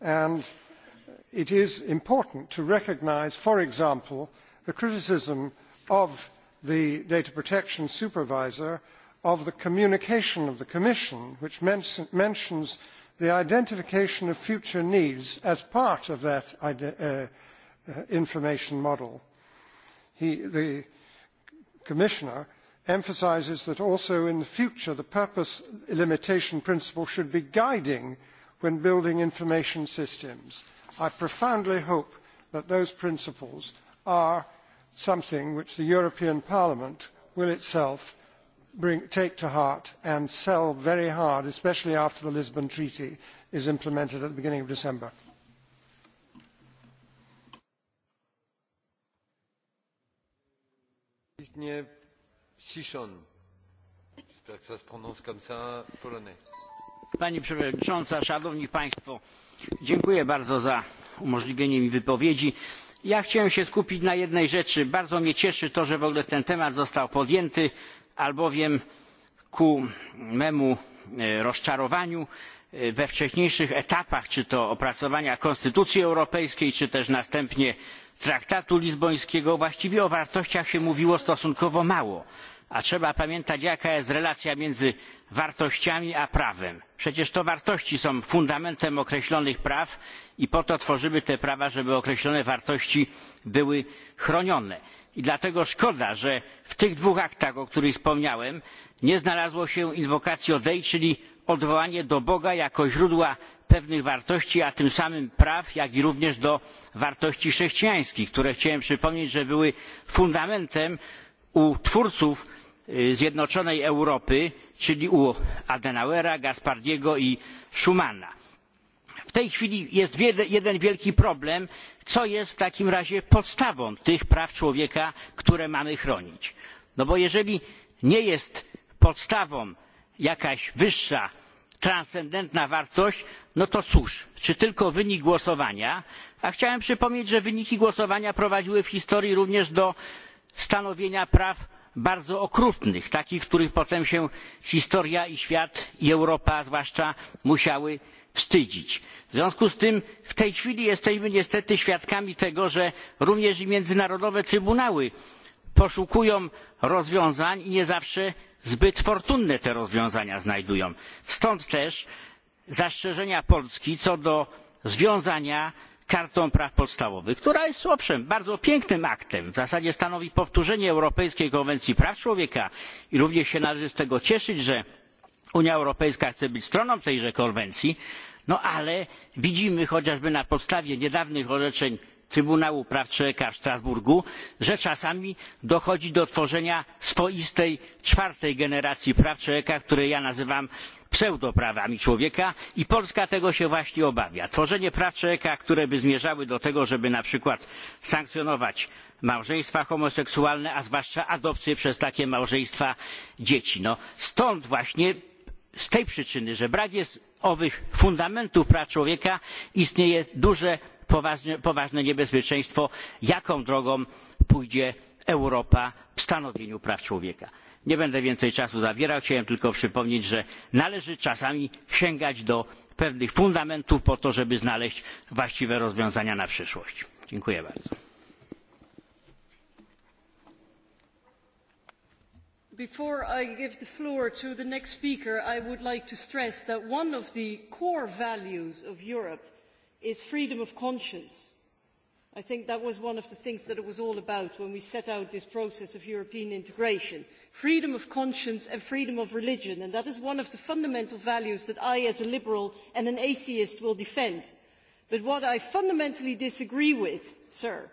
And it is important to recognise, for example, the criticism of the data protection supervisor of the communication of the Commission, which mentions the identification of future needs as part of that uh, uh, information model. He, the Commissioner emphasises that also in the future the purpose limitation principle should be guiding when building information systems. I profoundly hope that those principles are something which the European Parliament will itself bring, take to heart and sell very hard, especially after the Lisbon Treaty is implemented at the beginning of December. Pani Przewodnicząca, Szanowni Państwo, dziękuję bardzo za umożliwienie mi wypowiedzi. Ja chciałem się skupić na jednej rzeczy. Bardzo mnie cieszy to, że w ogóle ten temat został podjęty, albowiem ku memu e, rozczarowaniu e, we wcześniejszych etapach, czy to opracowania Konstytucji Europejskiej, czy też następnie Traktatu Lizbońskiego, właściwie o wartościach się mówiło stosunkowo mało. A trzeba pamiętać, jaka jest relacja między wartościami a prawem. Przecież to wartości są fundamentem określonych praw i po to tworzymy te prawa, żeby określone wartości były chronione. I dlatego szkoda, że w tych dwóch aktach, o których wspomniałem, nie znalazło się inwokacji dei, czyli odwołanie do Boga jako źródła pewnych wartości, a tym samym praw, jak i również do wartości chrześcijańskich, które chciałem przypomnieć, że były fundamentem u twórców zjednoczonej Europy, czyli u Adenauera, Gaspardiego i Schumana. W tej chwili jest jeden wielki problem, co jest w takim razie podstawą tych praw człowieka, które mamy chronić. No bo jeżeli nie jest podstawą jakaś wyższa, transcendentna wartość, no to cóż, czy tylko wynik głosowania, a chciałem przypomnieć, że wyniki głosowania prowadziły w historii również do stanowienia praw bardzo okrutnych, takich, których potem się historia i świat i Europa zwłaszcza musiały wstydzić. W związku z tym w tej chwili jesteśmy niestety świadkami tego, że również i międzynarodowe trybunały poszukują rozwiązań i nie zawsze zbyt fortunne te rozwiązania znajdują. Stąd też zastrzeżenia Polski co do związania kartą praw podstawowych, która jest owszem bardzo pięknym aktem, w zasadzie stanowi powtórzenie Europejskiej Konwencji Praw Człowieka i również się należy z tego cieszyć, że Unia Europejska chce być stroną tejże konwencji, no ale widzimy chociażby na podstawie niedawnych orzeczeń Trybunału Praw Człowieka w Strasburgu, że czasami dochodzi do tworzenia swoistej czwartej generacji praw człowieka, które ja nazywam pseudoprawami człowieka i Polska tego się właśnie obawia. Tworzenie praw człowieka, które by zmierzały do tego, żeby na przykład sankcjonować małżeństwa homoseksualne, a zwłaszcza adopcje przez takie małżeństwa dzieci. No, stąd właśnie z tej przyczyny, że brak jest owych fundamentów praw człowieka istnieje duże poważne, poważne niebezpieczeństwo jaką drogą pójdzie europa w stanowieniu praw człowieka. Nie będę więcej czasu zabierał. Chciałem tylko przypomnieć, że należy czasami sięgać do pewnych fundamentów po to, żeby znaleźć właściwe rozwiązania na przyszłość. Dziękuję bardzo. Before I give the floor to the next speaker, I would like to stress that one of the core values of Europe is freedom of conscience. I think that was one of the things that it was all about when we set out this process of European integration. Freedom of conscience and freedom of religion, and that is one of the fundamental values that I as a liberal and an atheist will defend. But what I fundamentally disagree with, sir,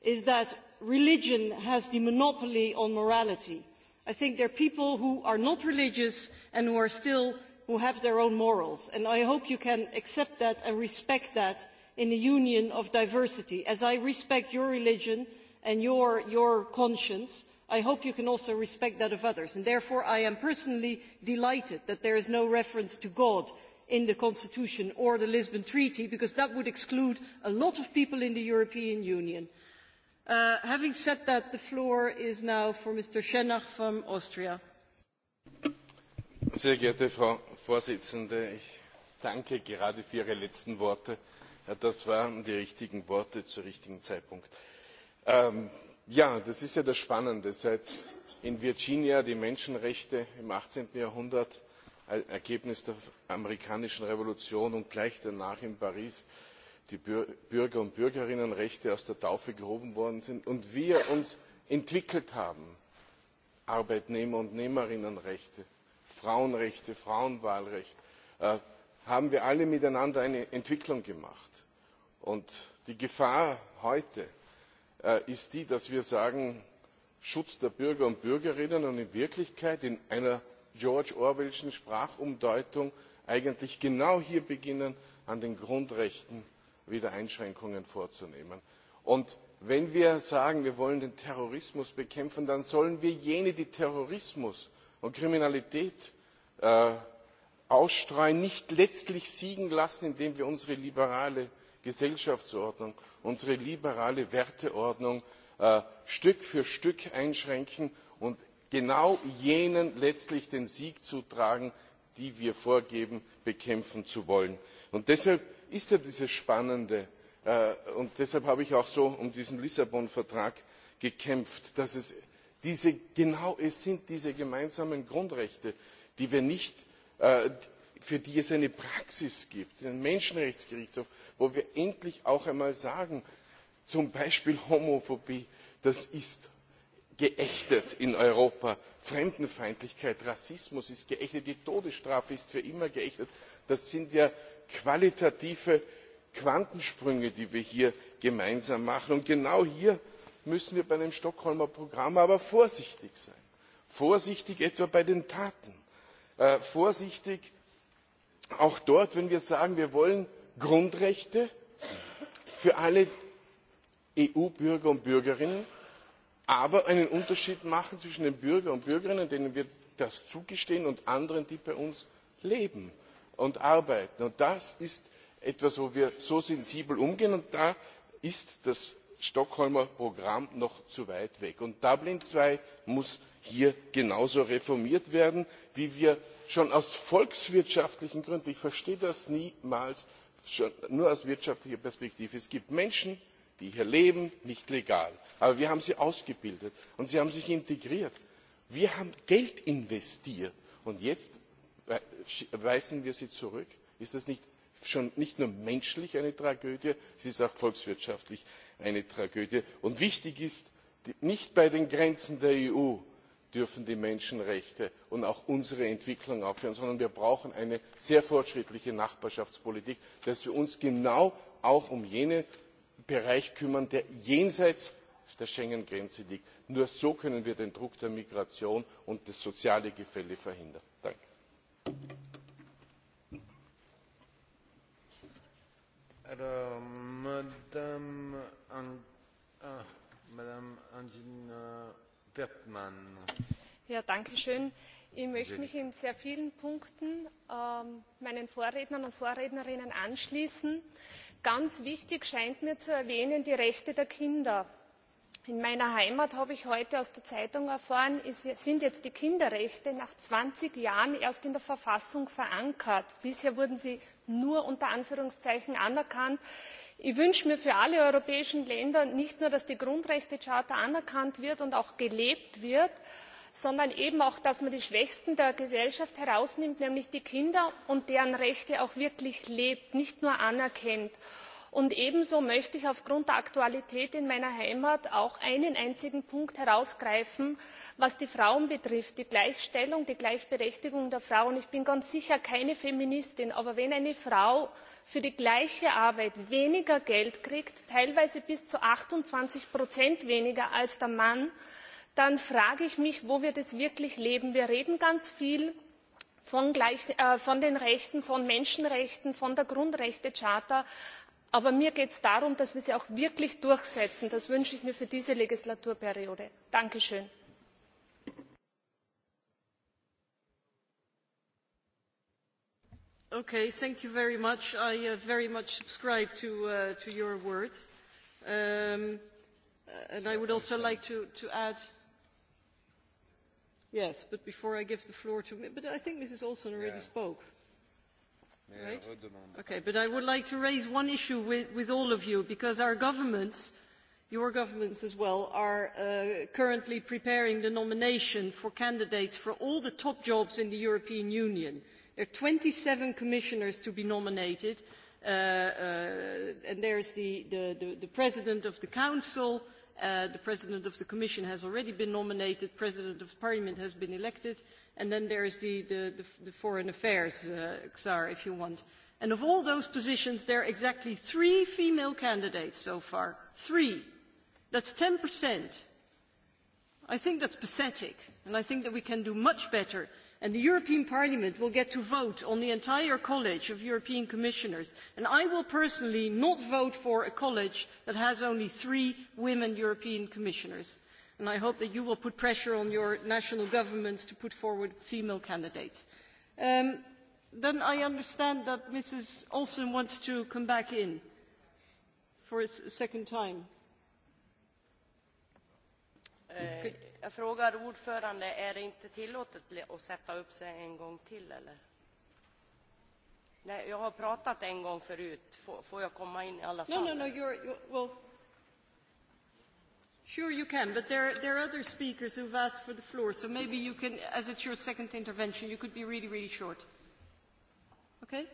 is that religion has the monopoly on morality I think there are people who are not religious and who are still who have their own morals. And I hope you can accept that and respect that in a union of diversity. As I respect your religion and your, your conscience, I hope you can also respect that of others. And therefore, I am personally delighted that there is no reference to God in the Constitution or the Lisbon Treaty, because that would exclude a lot of people in the European Union. Uh, having said that, the floor is now for Mr. Schenach from Austria. Sehr geehrte Frau Vorsitzende, ich danke gerade für Ihre letzten Worte. das waren die richtigen Worte zum richtigen Zeitpunkt. Ähm, ja, das ist ja das Spannende. Seit in Virginia die Menschenrechte im 18. Jahrhundert Ergebnis der amerikanischen Revolution und gleich danach in Paris die Bürger und Bürgerinnenrechte aus der Taufe gehoben worden sind und wir uns entwickelt haben. Arbeitnehmer- und Nehmerinnenrechte, Frauenrechte, Frauenwahlrecht, äh, haben wir alle miteinander eine Entwicklung gemacht. Und die Gefahr heute äh, ist die, dass wir sagen, Schutz der Bürger und Bürgerinnen und in Wirklichkeit in einer George Orwellschen Sprachumdeutung eigentlich genau hier beginnen an den Grundrechten wieder Einschränkungen vorzunehmen. Und wenn wir sagen, wir wollen den Terrorismus bekämpfen, dann sollen wir jene, die Terrorismus und Kriminalität äh, nicht letztlich siegen lassen, indem wir unsere liberale Gesellschaftsordnung, unsere liberale Werteordnung äh, Stück für Stück einschränken und genau jenen letztlich den Sieg zutragen, die wir vorgeben, bekämpfen zu wollen. Und deshalb ist ja dieses Spannende. Äh, und deshalb habe ich auch so um diesen Lissabon-Vertrag gekämpft, dass es diese, genau es sind diese gemeinsamen Grundrechte, die wir nicht, äh, für die es eine Praxis gibt, den Menschenrechtsgerichtshof, wo wir endlich auch einmal sagen, zum Beispiel Homophobie, das ist geächtet in Europa. Fremdenfeindlichkeit, Rassismus ist geächtet, die Todesstrafe ist für immer geächtet. Das sind ja qualitative quantensprünge die wir hier gemeinsam machen. und genau hier müssen wir bei dem stockholmer programm aber vorsichtig sein vorsichtig etwa bei den taten äh, vorsichtig auch dort wenn wir sagen wir wollen grundrechte für alle eu bürger und bürgerinnen aber einen unterschied machen zwischen den bürgern und bürgerinnen denen wir das zugestehen und anderen die bei uns leben und arbeiten. Und das ist etwas, wo wir so sensibel umgehen. Und da ist das Stockholmer Programm noch zu weit weg. Und Dublin II muss hier genauso reformiert werden, wie wir schon aus volkswirtschaftlichen Gründen, ich verstehe das niemals, nur aus wirtschaftlicher Perspektive, es gibt Menschen, die hier leben, nicht legal. Aber wir haben sie ausgebildet und sie haben sich integriert. Wir haben Geld investiert. Und jetzt weisen wir sie zurück? ist das nicht schon nicht nur menschlich eine tragödie es ist auch volkswirtschaftlich eine tragödie. und wichtig ist nicht bei den grenzen der eu dürfen die menschenrechte und auch unsere entwicklung aufhören sondern wir brauchen eine sehr fortschrittliche nachbarschaftspolitik dass wir uns genau auch um jenen bereich kümmern der jenseits der schengen grenze liegt. nur so können wir den druck der migration und das soziale gefälle verhindern. Ah, ja, danke schön. Ich möchte mich in sehr vielen Punkten ähm, meinen Vorrednern und Vorrednerinnen anschließen. Ganz wichtig scheint mir zu erwähnen die Rechte der Kinder In meiner Heimat habe ich heute aus der Zeitung erfahren, ist, sind jetzt die Kinderrechte nach 20 Jahren erst in der Verfassung verankert. Bisher wurden sie nur unter Anführungszeichen anerkannt. Ich wünsche mir für alle europäischen Länder nicht nur, dass die Grundrechtecharta anerkannt wird und auch gelebt wird, sondern eben auch, dass man die Schwächsten der Gesellschaft herausnimmt, nämlich die Kinder und deren Rechte auch wirklich lebt, nicht nur anerkennt. Und ebenso möchte ich aufgrund der Aktualität in meiner Heimat auch einen einzigen Punkt herausgreifen, was die Frauen betrifft, die Gleichstellung, die Gleichberechtigung der Frauen. Ich bin ganz sicher keine Feministin, aber wenn eine Frau für die gleiche Arbeit weniger Geld kriegt, teilweise bis zu 28 Prozent weniger als der Mann, dann frage ich mich, wo wir das wirklich leben. Wir reden ganz viel von, gleich, äh, von den Rechten, von Menschenrechten, von der Grundrechtecharta, aber mir geht es darum dass wir sie auch wirklich durchsetzen. das wünsche ich mir für diese legislaturperiode. danke Okay, thank you very much. I uh, very much subscribe to, uh, to your words. Um, uh, and I would also like to, to add, yes, but before I give the floor to, but I think Mrs. Olson already yeah. spoke. Right? Okay, but I would like to raise one issue with, with all of you because our governments, your governments as well, are uh, currently preparing the nomination for candidates for all the top jobs in the European Union. There are 27 commissioners to be nominated, uh, uh, and there's the, the, the, the president of the council, uh, Uh, the president of the commission has already been nominated, president of parliament has been elected, and then there is the, the, the, the foreign affairs uh, czar, if you want. And of all those positions, there are exactly three female candidates so far. Three. That's 10%. I think that's pathetic, and I think that we can do much better and the European Parliament will get to vote on the entire college of European Commissioners. And I will personally not vote for a college that has only three women European Commissioners. And I hope that you will put pressure on your national governments to put forward female candidates. Um, then I understand that Mrs. Olsen wants to come back in for a second time. Uh, Could Jag frågar ordförande, är det inte tillåtet att sätta upp sig en gång till eller? Nej, jag har pratat en gång förut. Får, får jag komma in i alla fall? No, no, no, you're, you're well, sure you can, but there, there are other speakers who've asked for the floor, so maybe you can, as it's your second intervention, you could be really, really short. Okay?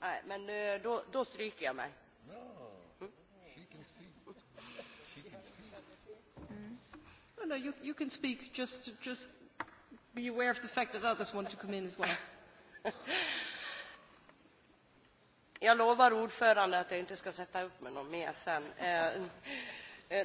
Nej, men eh, då, då stryker jag mig. No. No, no, you, you can speak. Just, just be aware of the fact that others want to come in as well. Jag lovar ordförande att jag inte ska sätta upp mig någon mer sen. Eh, eh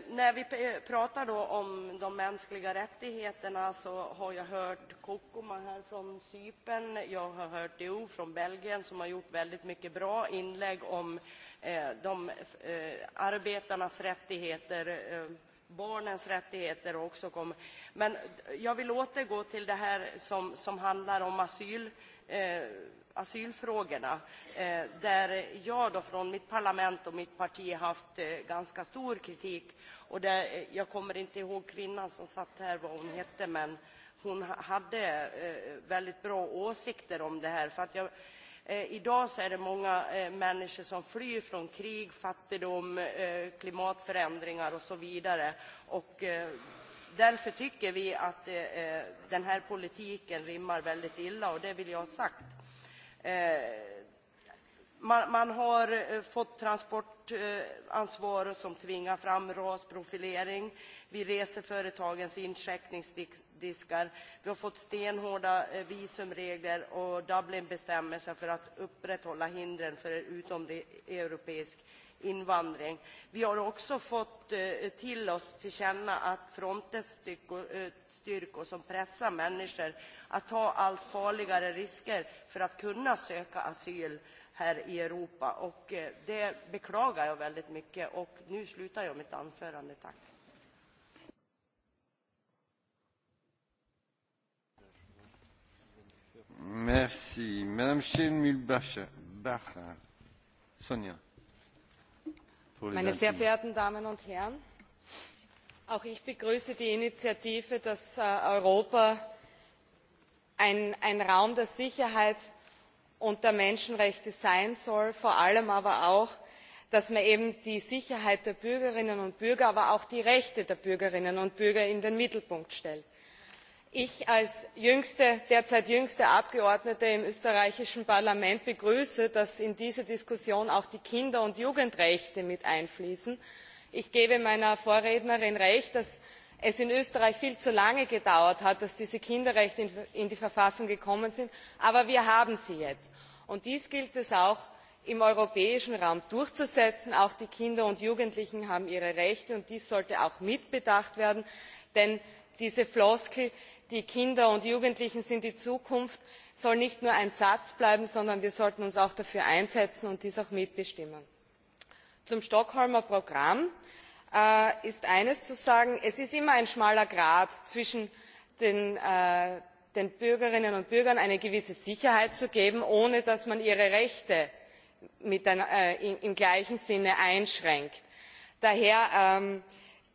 När vi pratar då om de mänskliga rättigheterna så har jag hört Kokoma här från Sypen. Jag har hört Jo från Belgien som har gjort väldigt mycket bra inlägg om eh, de eh, arbetarnas rättigheter eh, barnens rättigheter också kommer. Men jag vill återgå till det här som, som handlar om asyl, eh, asylfrågorna. Eh, där jag då från mitt parlament och mitt parti haft eh, ganska stor kritik. Och där, eh, jag kommer inte ihåg kvinnan som satt här, vad hon hette, men hon hade eh, väldigt bra åsikter om det här. För att jag, Eh, idag så är det många eh, människor som flyr från krig, fattigdom, eh, klimatförändringar och så vidare. Och, eh, därför tycker vi att eh, eh den här politiken rimmar väldigt illa och det vill jag ha sagt. Eh, man, man har eh, fått transport transportansvar eh, som tvingar fram rasprofilering. Vi reser företagens incheckningsdiskar. Vi har fått stenhårda eh, visumregler och Dublinbestämmelser för att upprätthålla hindren för europeisk invandring. Vi har också fått eh, till oss till känna att Frontens styrkor som pressar människor att ta allt farligare risker för att kunna söka asyl här i Europa. Och eh, det beklagar jag väldigt mycket och nu slutar jag mitt anförande. Tack. Merci. Madame Schellmühl-Barcha. Sonja. Meine sehr verehrten Damen und Herren, auch ich begrüße die Initiative, dass äh, Europa ein, ein Raum der Sicherheit und der menschenrechte sein soll vor allem aber auch dass man eben die sicherheit der bürgerinnen und bürger aber auch die rechte der bürgerinnen und bürger in den mittelpunkt stellt. ich als derzeit jüngste abgeordnete im österreichischen parlament begrüße dass in diese diskussion auch die kinder und jugendrechte mit einfließen. ich gebe meiner vorrednerin recht dass es in österreich viel zu lange gedauert hat dass diese kinderrechte in die verfassung gekommen sind aber wir haben sie jetzt. dies gilt es auch im europäischen raum durchzusetzen. auch die kinder und jugendlichen haben ihre rechte und dies sollte auch mitbedacht werden denn diese floskel die kinder und jugendlichen sind die zukunft soll nicht nur ein satz bleiben sondern wir sollten uns auch dafür einsetzen und dies auch mitbestimmen. zum stockholmer programm Äh, ist eines zu sagen es ist immer ein schmaler grat zwischen äh, den, bürgerinnen und bürgern eine gewisse sicherheit zu geben ohne dass man ihre rechte äh, im gleichen sinne einschränkt. daher ähm,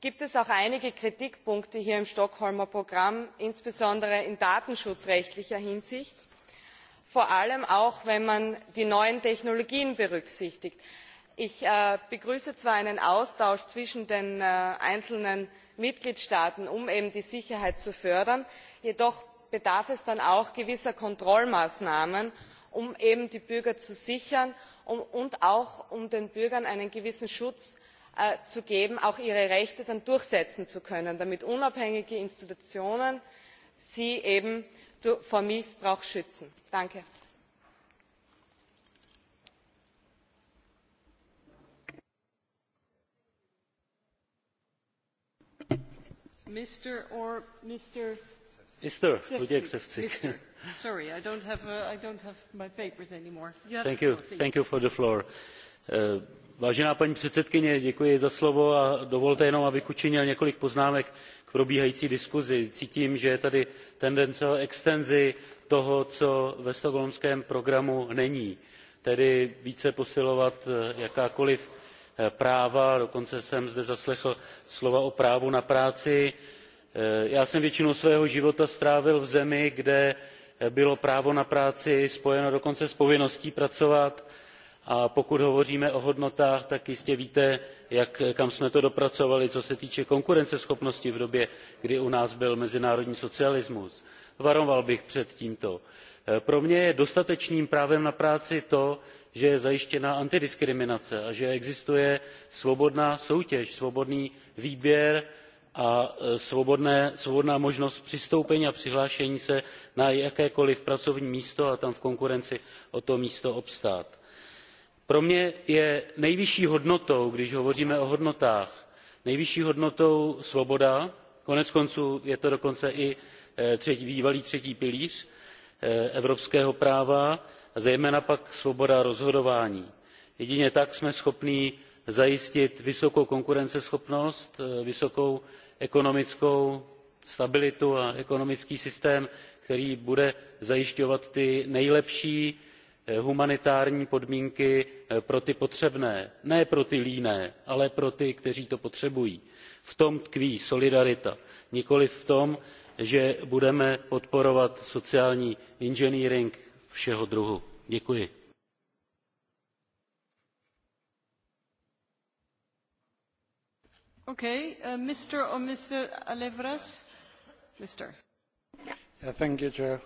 gibt es auch einige kritikpunkte hier im stockholmer programm insbesondere in datenschutzrechtlicher hinsicht vor allem auch wenn man die neuen technologien berücksichtigt ich äh, begrüße zwar einen austausch zwischen den äh, einzelnen mitgliedstaaten um eben die sicherheit zu fördern jedoch bedarf es dann auch gewisser kontrollmaßnahmen um eben die bürger zu sichern um, und auch um den bürgern einen gewissen schutz äh, zu geben auch ihre rechte dann durchsetzen zu können damit unabhängige institutionen sie eben vor missbrauch schützen. danke! Mr. or Mr. Mr. Sorry, I don't have uh, I don't have my papers anymore. You Thank you. Thank you for the floor. Uh, Vážená paní předsedkyně, děkuji za slovo a dovolte jenom, abych učinil několik poznámek k probíhající diskuzi. Cítím, že je tady tendence o extenzi toho, co ve stokholmském programu není, tedy více posilovat eh, jakákoliv Eh, práva, dokonce jsem zde zaslechl slova o právu na práci. Eh, já jsem většinu svého života strávil v zemi, kde eh, bylo právo na práci spojeno dokonce s povinností pracovat a pokud hovoříme o hodnotách tak jistě víte jak, kam jsme to dopracovali co se týče konkurenceschopnosti v době kdy u nás byl mezinárodní socialismus. varoval bych před tímto. pro mě je dostatečným právem na práci to že je zajištěna antidiskriminace a že existuje svobodná soutěž, svobodný výběr a e, svobodné, svobodná možnost přistoupení a přihlášení se na jakékoliv pracovní místo a tam v konkurenci o to místo obstát. Pro mě je nejvyšší hodnotou, když hovoříme o hodnotách, nejvyšší hodnotou svoboda, konec konců je to dokonce i e, třetí, bývalý třetí pilíř e, evropského práva, a zejména pak svoboda rozhodování. Jedině tak jsme schopni zajistit vysokou konkurenceschopnost, eh, vysokou ekonomickou stabilitu a ekonomický systém, který bude zajišťovat ty nejlepší eh, humanitární podmínky eh, pro ty potřebné, ne pro ty líné, ale pro ty, kteří to potřebují. V tom tkví solidarita, nikoli v tom, že budeme podporovat sociální inženýring, všeho druhu. Děkuji. Ok, uh, Mr. or Mr. Alevras? Mr. Yeah, thank you, Chair.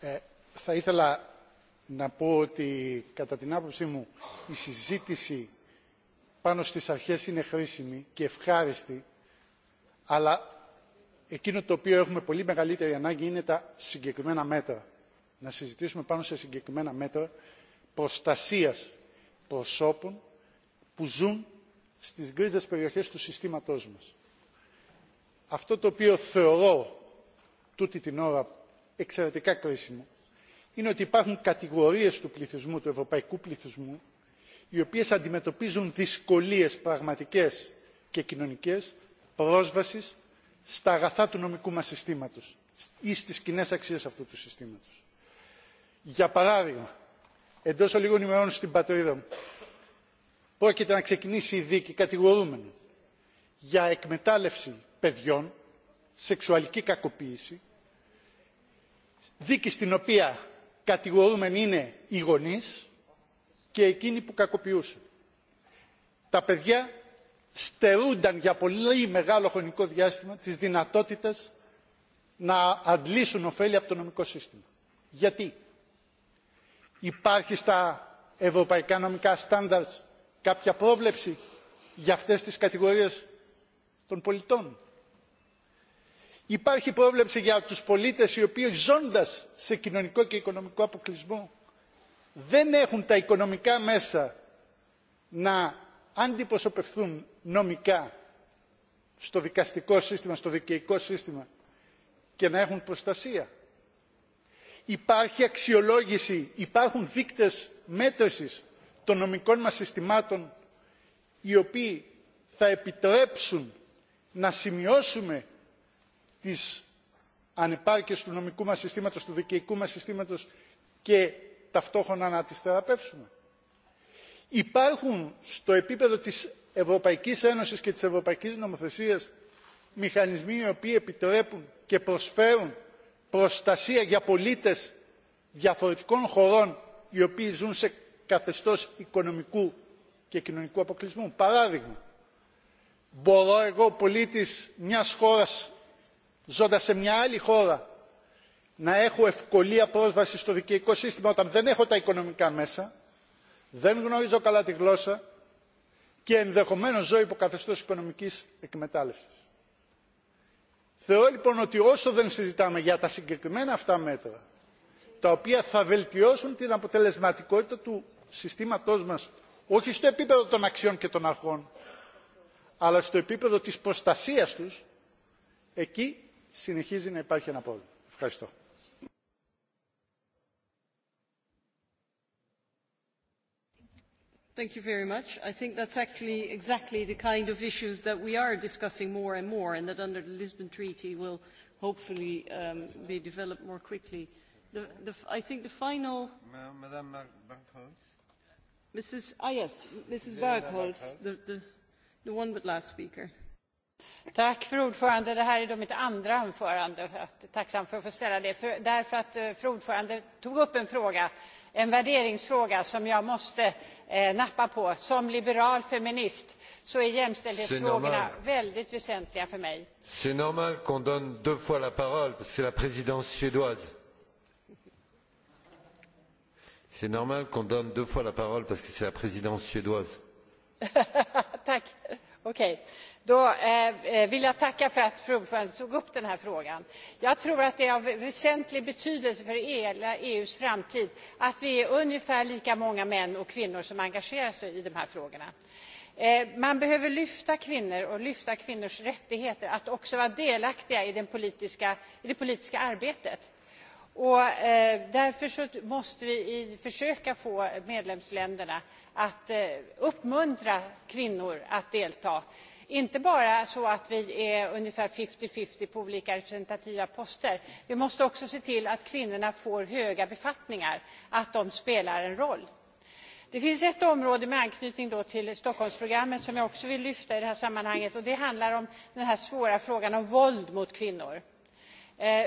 Ε, eh, θα ήθελα να πω ότι κατά την άποψή μου η συζήτηση πάνω στις αρχές είναι χρήσιμη και ευχάριστη, αλλά εκείνο το οποίο έχουμε πολύ μεγαλύτερη ανάγκη είναι τα συγκεκριμένα μέτρα να συζητήσουμε πάνω σε συγκεκριμένα μέτρα προστασίας προσώπων που ζουν στις γκρίζες περιοχές του συστήματός μας. Αυτό το οποίο θεωρώ τούτη την ώρα εξαιρετικά κρίσιμο είναι ότι υπάρχουν κατηγορίες του πληθυσμού, του ευρωπαϊκού πληθυσμού, οι οποίες αντιμετωπίζουν δυσκολίες πραγματικές και κοινωνικές πρόσβασης στα αγαθά του νομικού μας συστήματος ή στις κοινέ αξίες αυτού του συστήματος. Για παράδειγμα, εντός λίγων ημερών στην πατρίδα μου, πρόκειται να ξεκινήσει η δίκη κατηγορούμενη για εκμετάλλευση παιδιών, σεξουαλική κακοποίηση, δίκη στην οποία κατηγορούμενοι είναι οι γονείς και εκείνοι που κακοποιούσαν. Τα παιδιά στερούνταν για πολύ μεγάλο χρονικό διάστημα τις δυνατότητες να αντλήσουν ωφέλη από το νομικό σύστημα. Γιατί Υπάρχει στα ευρωπαϊκά νομικά standards κάποια πρόβλεψη για αυτές τις κατηγορίες των πολιτών. Υπάρχει πρόβλεψη για τους πολίτες οι οποίοι ζώντας σε κοινωνικό και οικονομικό αποκλεισμό δεν έχουν τα οικονομικά μέσα να αντιπροσωπευθούν νομικά στο δικαστικό σύστημα, στο δικαιικό σύστημα και να έχουν προστασία. Υπάρχει αξιολόγηση, υπάρχουν δείκτες μέτρησης των νομικών μας συστημάτων οι οποίοι θα επιτρέψουν να σημειώσουμε τις ανεπάρκειες του νομικού μας συστήματος, του δικαιικού μας συστήματος και ταυτόχρονα να τις θεραπεύσουμε. Υπάρχουν στο επίπεδο της Ευρωπαϊκής Ένωσης και της Ευρωπαϊκής Νομοθεσίας μηχανισμοί οι οποίοι επιτρέπουν και προσφέρουν προστασία για πολίτες διαφορετικών χωρών οι οποίοι ζουν σε καθεστώς οικονομικού και κοινωνικού αποκλεισμού. Παράδειγμα, μπορώ εγώ πολίτης μιας χώρας ζώντας σε μια άλλη χώρα να έχω ευκολία πρόσβαση στο δικαιικό σύστημα όταν δεν έχω τα οικονομικά μέσα, δεν γνωρίζω καλά τη γλώσσα και ενδεχομένως ζω υπό καθεστώς οικονομικής εκμετάλλευσης. Θεωρώ λοιπόν ότι όσο δεν συζητάμε για τα συγκεκριμένα αυτά μέτρα, τα οποία θα βελτιώσουν την αποτελεσματικότητα του συστήματός μας, όχι στο επίπεδο των αξιών και των αρχών, αλλά στο επίπεδο της προστασίας τους, εκεί συνεχίζει να υπάρχει ένα πρόβλημα. Ευχαριστώ. Thank you very much. I think that's actually exactly the kind of issues that we are discussing more and more and that under the Lisbon Treaty will hopefully um, be developed more quickly. The, the, I think the final... Madame Barkholz? Mrs. Ah, yes, Mrs. Barkholz, the, the, the one but last speaker. Tack för ordförande. Det här är då mitt andra anförande. Tacksam för att få ställa det. För, därför att eh, för ordförande tog upp en fråga en värderingsfråga som jag måste eh, nappa på. Som liberal feminist så är jämställdhetsfrågorna väldigt väsentliga för mig. C'est normal qu'on donne deux fois la parole parce que c'est la présidence suédoise. C'est normal qu'on donne deux fois la parole parce que c'est la présidence suédoise. Tack. Okej. Okay. Då eh, eh, vill jag tacka för att fru ordförande tog upp den här frågan. Jag tror att det är av väsentlig betydelse för hela EUs framtid att vi är ungefär lika många män och kvinnor som engagerar sig i de här frågorna. Eh, man behöver lyfta kvinnor och lyfta kvinnors rättigheter att också vara delaktiga i, den politiska, i det politiska arbetet. Och, eh, därför så måste vi i, försöka få medlemsländerna att eh, uppmuntra kvinnor att delta. Inte bara så att vi är ungefär 50-50 på olika representativa poster. Vi måste också se till att kvinnorna får höga befattningar, att de spelar en roll. Det finns ett område med anknytning då till Stockholmsprogrammet som jag också vill lyfta i det här sammanhanget och det handlar om den här svåra frågan om våld mot kvinnor. Eh,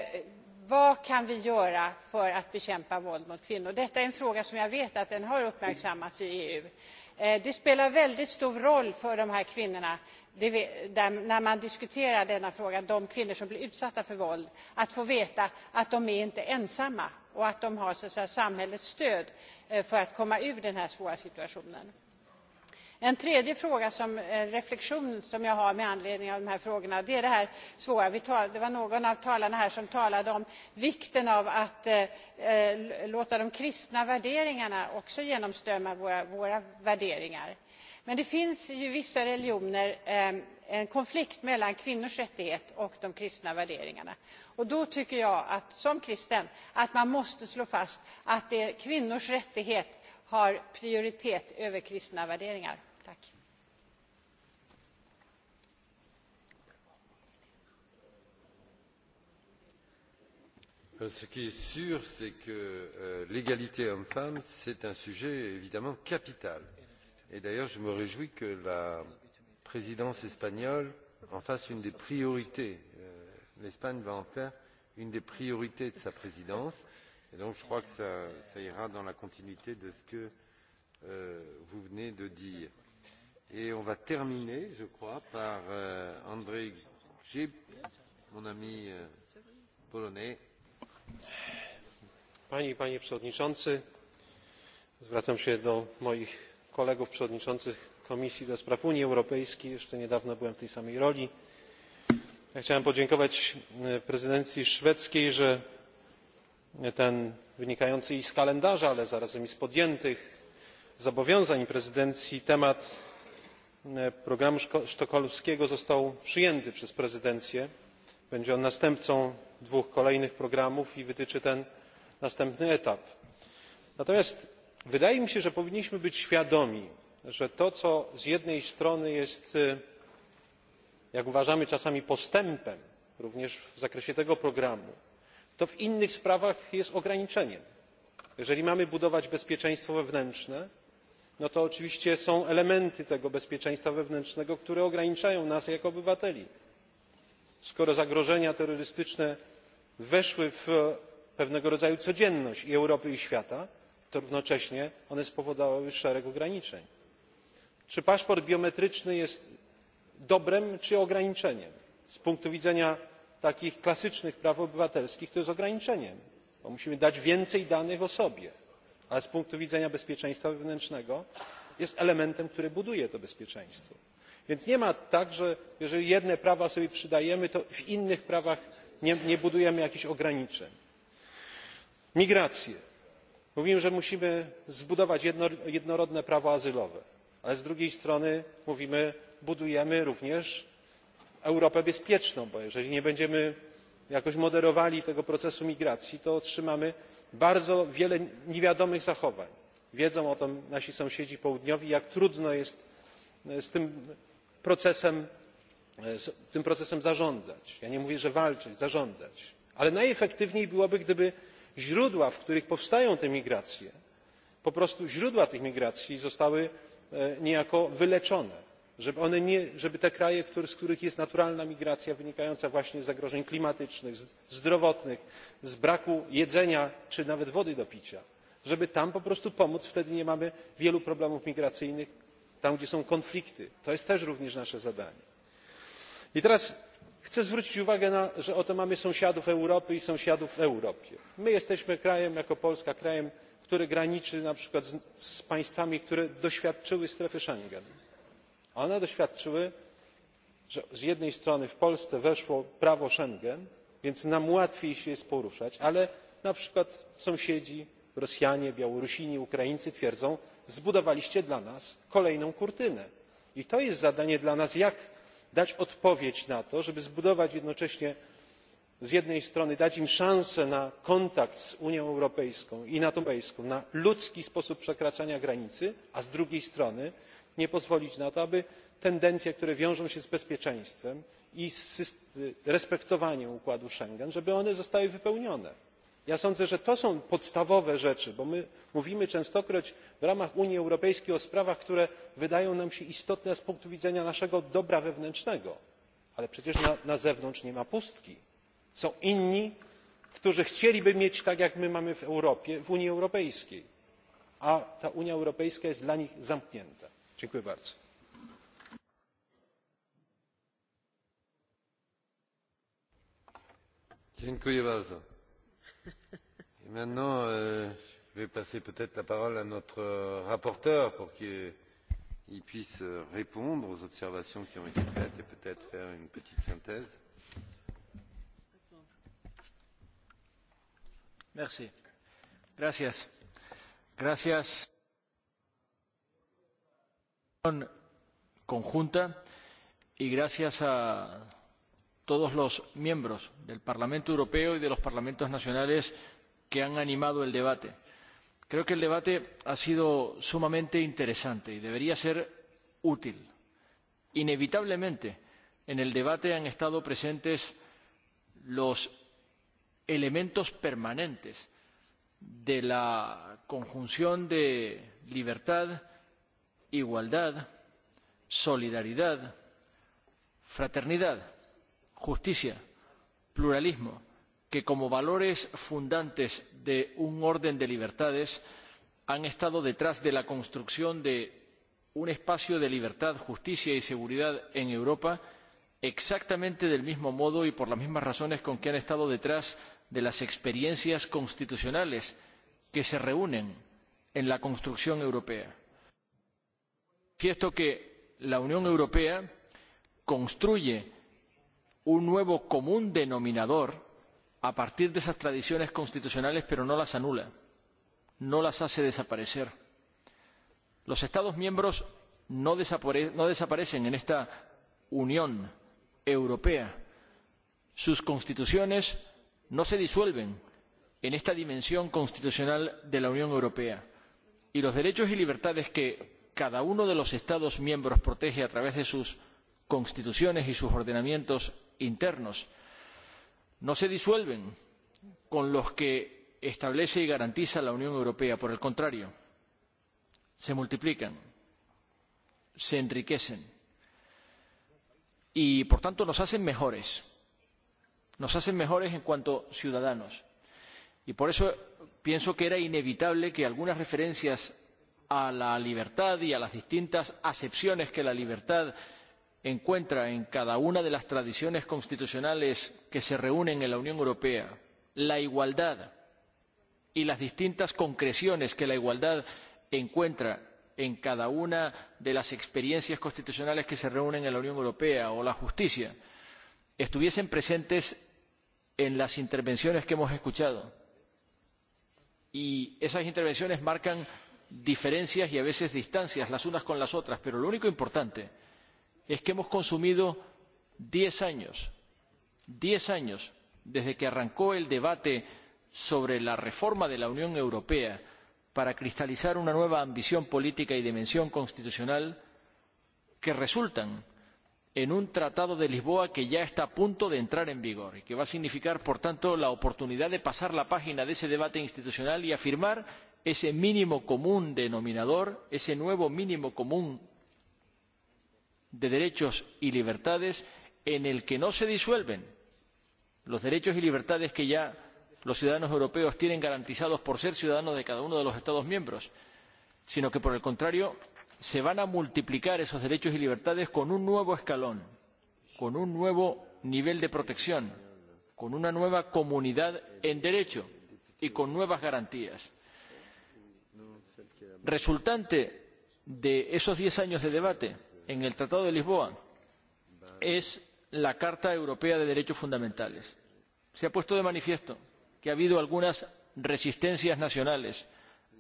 vad kan vi göra för att bekämpa våld mot kvinnor? Detta är en fråga som jag vet att den har uppmärksammats i EU. Eh, det spelar väldigt stor roll för de här kvinnorna där, när man diskuterar denna fråga, de kvinnor som blir utsatta för våld, att få veta att de är inte är ensamma och att de har så att säga, samhällets stöd eh, för att komma ur den här svåra situationen. En tredje fråga som en eh, reflektion som jag har med anledning av de här frågorna det är det här svåra. Vi tal, det var någon av talarna här som talade om vikten av att eh, eh, låta de kristna värderingarna också genomströmma våra, våra värderingar. Men det finns ju vissa religioner eh, en konflikt mellan kvinnors rättighet och de kristna värderingarna. Och då tycker jag att, som kristen att man måste slå fast att det är kvinnors rättighet har prioritet över kristna värderingar. Tack. Euh, ce qui est sûr, c'est que euh, l'égalité homme-femme, c'est un sujet évidemment capital. Et d'ailleurs, je me réjouis que la présidence espagnole en fasse une des priorités. Euh, L'Espagne va en faire une des priorités de sa présidence. Et donc je crois que ça, ça ira dans la continuité de ce que euh, vous venez de dire. Et on va terminer, je crois, par euh, André Gip, mon ami euh, polonais. Panie i Panie Przewodniczący, zwracam się do moich kolegów przewodniczących Komisji do Spraw Unii Europejskiej. Jeszcze niedawno byłem w tej samej roli. Ja chciałem podziękować e, prezydencji szwedzkiej, że ten wynikający i z kalendarza ale zarazem i z podjętych zobowiązań prezydencji temat e, programu sztokholmskiego został przyjęty przez prezydencję będzie on następcą dwóch kolejnych programów i wytyczy ten następny etap. natomiast wydaje mi się że powinniśmy być świadomi że to co z jednej strony jest e, jak uważamy czasami postępem również w zakresie tego programu to w innych sprawach jest ograniczeniem. jeżeli mamy budować bezpieczeństwo wewnętrzne to oczywiście są elementy tego bezpieczeństwa wewnętrznego które ograniczają nas jako obywateli. skoro zagrożenia terrorystyczne weszły w pewnego rodzaju codzienność i europy i świata to równocześnie one spowodowały szereg ograniczeń. czy paszport biometryczny jest dobrem czy ograniczeniem? z punktu widzenia takich klasycznych praw obywatelskich to jest ograniczeniem bo musimy dać więcej danych o sobie ale z punktu widzenia bezpieczeństwa wewnętrznego jest elementem który buduje to bezpieczeństwo. więc nie ma tak że jeżeli jedne prawa sobie przydajemy to w innych prawach nie, budujemy jakichś ograniczeń. migracje mówimy że musimy zbudować jednorodne prawo azylowe ale z drugiej strony mówimy budujemy również europę bezpieczną bo jeżeli nie będziemy jakoś moderowali tego procesu migracji to otrzymamy bardzo wiele niewiadomych zachowań. wiedzą o tym nasi sąsiedzi południowi jak trudno jest e, z tym procesem, e, tym procesem zarządzać. ja nie mówię że walczyć zarządzać ale najefektywniej byłoby gdyby źródła w których powstają te migracje po prostu źródła tych migracji zostały e, niejako wyleczone żeby te kraje z których jest naturalna migracja wynikająca właśnie z zagrożeń klimatycznych zdrowotnych z braku jedzenia czy nawet wody do picia żeby tam po prostu pomóc wtedy nie mamy wielu problemów migracyjnych tam gdzie są konflikty to jest też również nasze zadanie. i teraz chcę zwrócić uwagę na to że oto mamy sąsiadów europy i sąsiadów w europie. my jesteśmy krajem jako polska krajem który graniczy na przykład z państwami które doświadczyły strefy schengen one doświadczyły że z jednej strony w polsce weszło prawo schengen więc nam łatwiej się jest poruszać ale na przykład sąsiedzi rosjanie białorusini ukraińcy twierdzą zbudowaliście dla nas kolejną kurtynę i to jest zadanie dla nas jak dać odpowiedź na to żeby zbudować jednocześnie z jednej strony dać im szansę na kontakt z unią europejską i na ludzki sposób przekraczania granicy a z drugiej strony nie pozwolić na to aby tendencje które wiążą się z bezpieczeństwem i z respektowaniem układu schengen zostały wypełnione. ja sądzę że to są podstawowe rzeczy bo my mówimy częstokroć w ramach unii europejskiej o sprawach które wydają nam się istotne z punktu widzenia naszego dobra wewnętrznego ale przecież na, na zewnątrz nie ma pustki. są inni którzy chcieliby mieć tak jak my mamy w europie w unii europejskiej a ta unia europejska jest dla nich zamknięta. Dziękuję bardzo. Dziękuję bardzo. Et maintenant, euh, je vais passer peut-être la parole à notre rapporteur pour qu'il puisse répondre aux observations qui ont été faites et peut-être faire une petite synthèse. Merci. Gracias. Gracias conjunta y gracias a todos los miembros del Parlamento Europeo y de los parlamentos nacionales que han animado el debate. Creo que el debate ha sido sumamente interesante y debería ser útil. Inevitablemente, en el debate han estado presentes los elementos permanentes de la conjunción de libertad, igualdad, solidaridad, fraternidad, justicia, pluralismo, que como valores fundantes de un orden de libertades han estado detrás de la construcción de un espacio de libertad, justicia y seguridad en Europa exactamente del mismo modo y por las mismas razones con que han estado detrás de las experiencias constitucionales que se reúnen en la construcción europea. Cierto que la Unión Europea construye un nuevo común denominador a partir de esas tradiciones constitucionales, pero no las anula, no las hace desaparecer. Los Estados miembros no, desapare no desaparecen en esta Unión Europea. Sus constituciones no se disuelven en esta dimensión constitucional de la Unión Europea. Y los derechos y libertades que cada uno de los Estados miembros protege a través de sus constituciones y sus ordenamientos internos, no se disuelven con los que establece y garantiza la Unión Europea. Por el contrario, se multiplican, se enriquecen y, por tanto, nos hacen mejores. Nos hacen mejores en cuanto ciudadanos. Y por eso pienso que era inevitable que algunas referencias a la libertad y a las distintas acepciones que la libertad encuentra en cada una de las tradiciones constitucionales que se reúnen en la Unión Europea, la igualdad y las distintas concreciones que la igualdad encuentra en cada una de las experiencias constitucionales que se reúnen en la Unión Europea o la justicia estuviesen presentes en las intervenciones que hemos escuchado. Y esas intervenciones marcan diferencias y a veces distancias las unas con las otras, pero lo único importante es que hemos consumido diez años, diez años desde que arrancó el debate sobre la reforma de la Unión Europea para cristalizar una nueva ambición política y dimensión constitucional que resultan en un Tratado de Lisboa que ya está a punto de entrar en vigor y que va a significar, por tanto, la oportunidad de pasar la página de ese debate institucional y afirmar ese mínimo común denominador, ese nuevo mínimo común de derechos y libertades en el que no se disuelven los derechos y libertades que ya los ciudadanos europeos tienen garantizados por ser ciudadanos de cada uno de los Estados miembros, sino que, por el contrario, se van a multiplicar esos derechos y libertades con un nuevo escalón, con un nuevo nivel de protección, con una nueva comunidad en derecho y con nuevas garantías resultante de esos diez años de debate en el Tratado de Lisboa es la Carta Europea de Derechos Fundamentales. Se ha puesto de manifiesto que ha habido algunas resistencias nacionales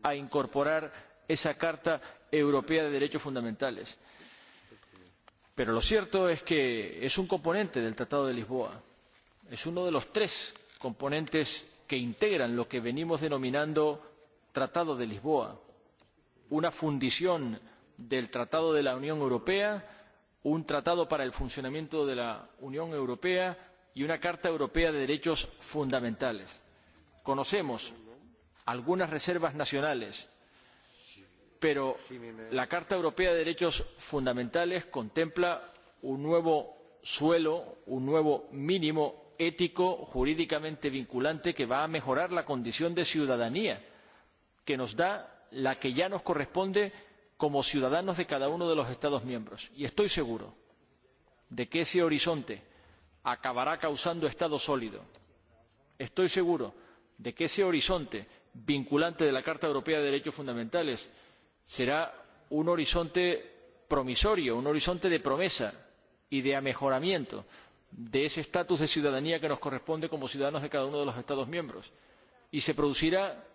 a incorporar esa Carta Europea de Derechos Fundamentales. Pero lo cierto es que es un componente del Tratado de Lisboa, es uno de los tres componentes que integran lo que venimos denominando Tratado de Lisboa una fundición del Tratado de la Unión Europea, un tratado para el funcionamiento de la Unión Europea y una Carta Europea de Derechos Fundamentales. Conocemos algunas reservas nacionales, pero la Carta Europea de Derechos Fundamentales contempla un nuevo suelo, un nuevo mínimo ético jurídicamente vinculante que va a mejorar la condición de ciudadanía que nos da la que ya nos corresponde como ciudadanos de cada uno de los Estados miembros. Y estoy seguro de que ese horizonte acabará causando Estado sólido. Estoy seguro de que ese horizonte vinculante de la Carta Europea de Derechos Fundamentales será un horizonte promisorio, un horizonte de promesa y de amejoramiento de ese estatus de ciudadanía que nos corresponde como ciudadanos de cada uno de los Estados miembros. Y se producirá,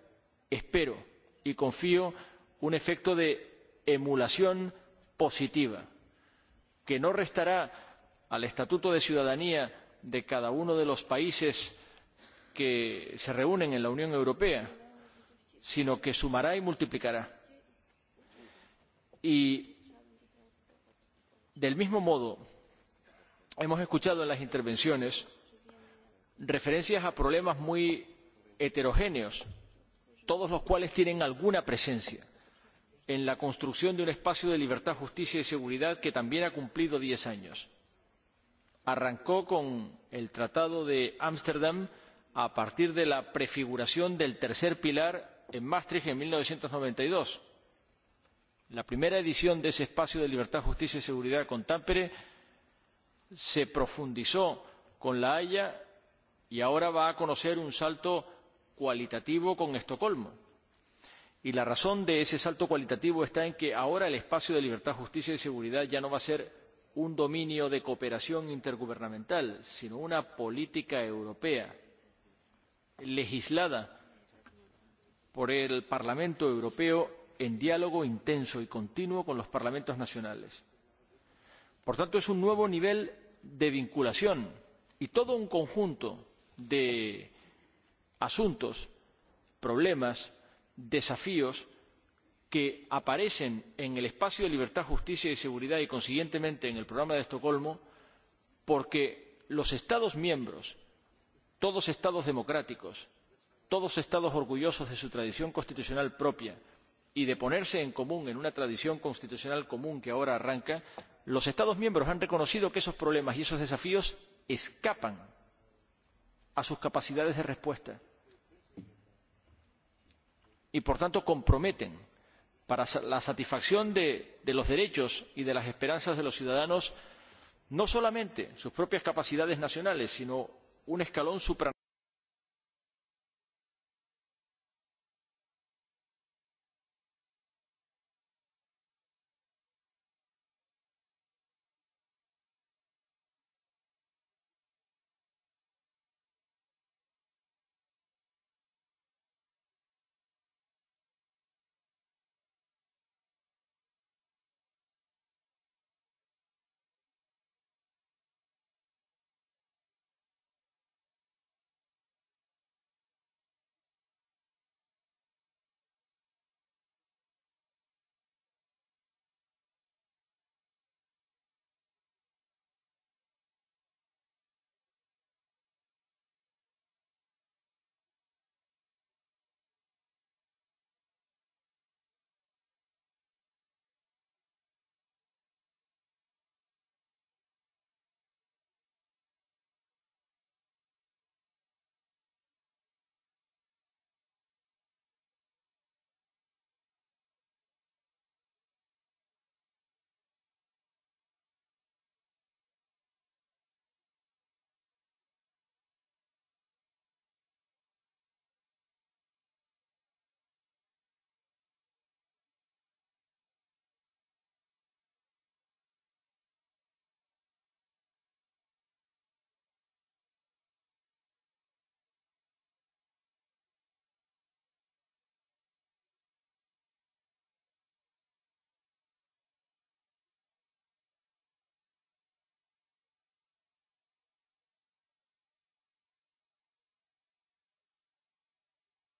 espero, y confío un efecto de emulación positiva, que no restará al Estatuto de Ciudadanía de cada uno de los países que se reúnen en la Unión Europea, sino que sumará y multiplicará. Y del mismo modo, hemos escuchado en las intervenciones referencias a problemas muy heterogéneos todos los cuales tienen alguna presencia en la construcción de un espacio de libertad, justicia y seguridad que también ha cumplido diez años. Arrancó con el Tratado de Ámsterdam a partir de la prefiguración del tercer pilar en Maastricht en mil novecientos noventa y dos. La primera edición de ese espacio de libertad, justicia y seguridad con Tampere se profundizó con La Haya y ahora va a conocer un salto cualitativo con Estocolmo. Y la razón de ese salto cualitativo está en que ahora el espacio de libertad, justicia y seguridad ya no va a ser un dominio de cooperación intergubernamental, sino una política europea legislada por el Parlamento Europeo en diálogo intenso y continuo con los parlamentos nacionales. Por tanto, es un nuevo nivel de vinculación y todo un conjunto de asuntos, problemas, desafíos que aparecen en el espacio de libertad, justicia y seguridad y, consiguientemente, en el programa de Estocolmo, porque los Estados miembros, todos Estados democráticos, todos Estados orgullosos de su tradición constitucional propia y de ponerse en común en una tradición constitucional común que ahora arranca, los Estados miembros han reconocido que esos problemas y esos desafíos escapan a sus capacidades de respuesta y por tanto comprometen para la satisfacción de, de los derechos y de las esperanzas de los ciudadanos no solamente sus propias capacidades nacionales sino un escalón supranacional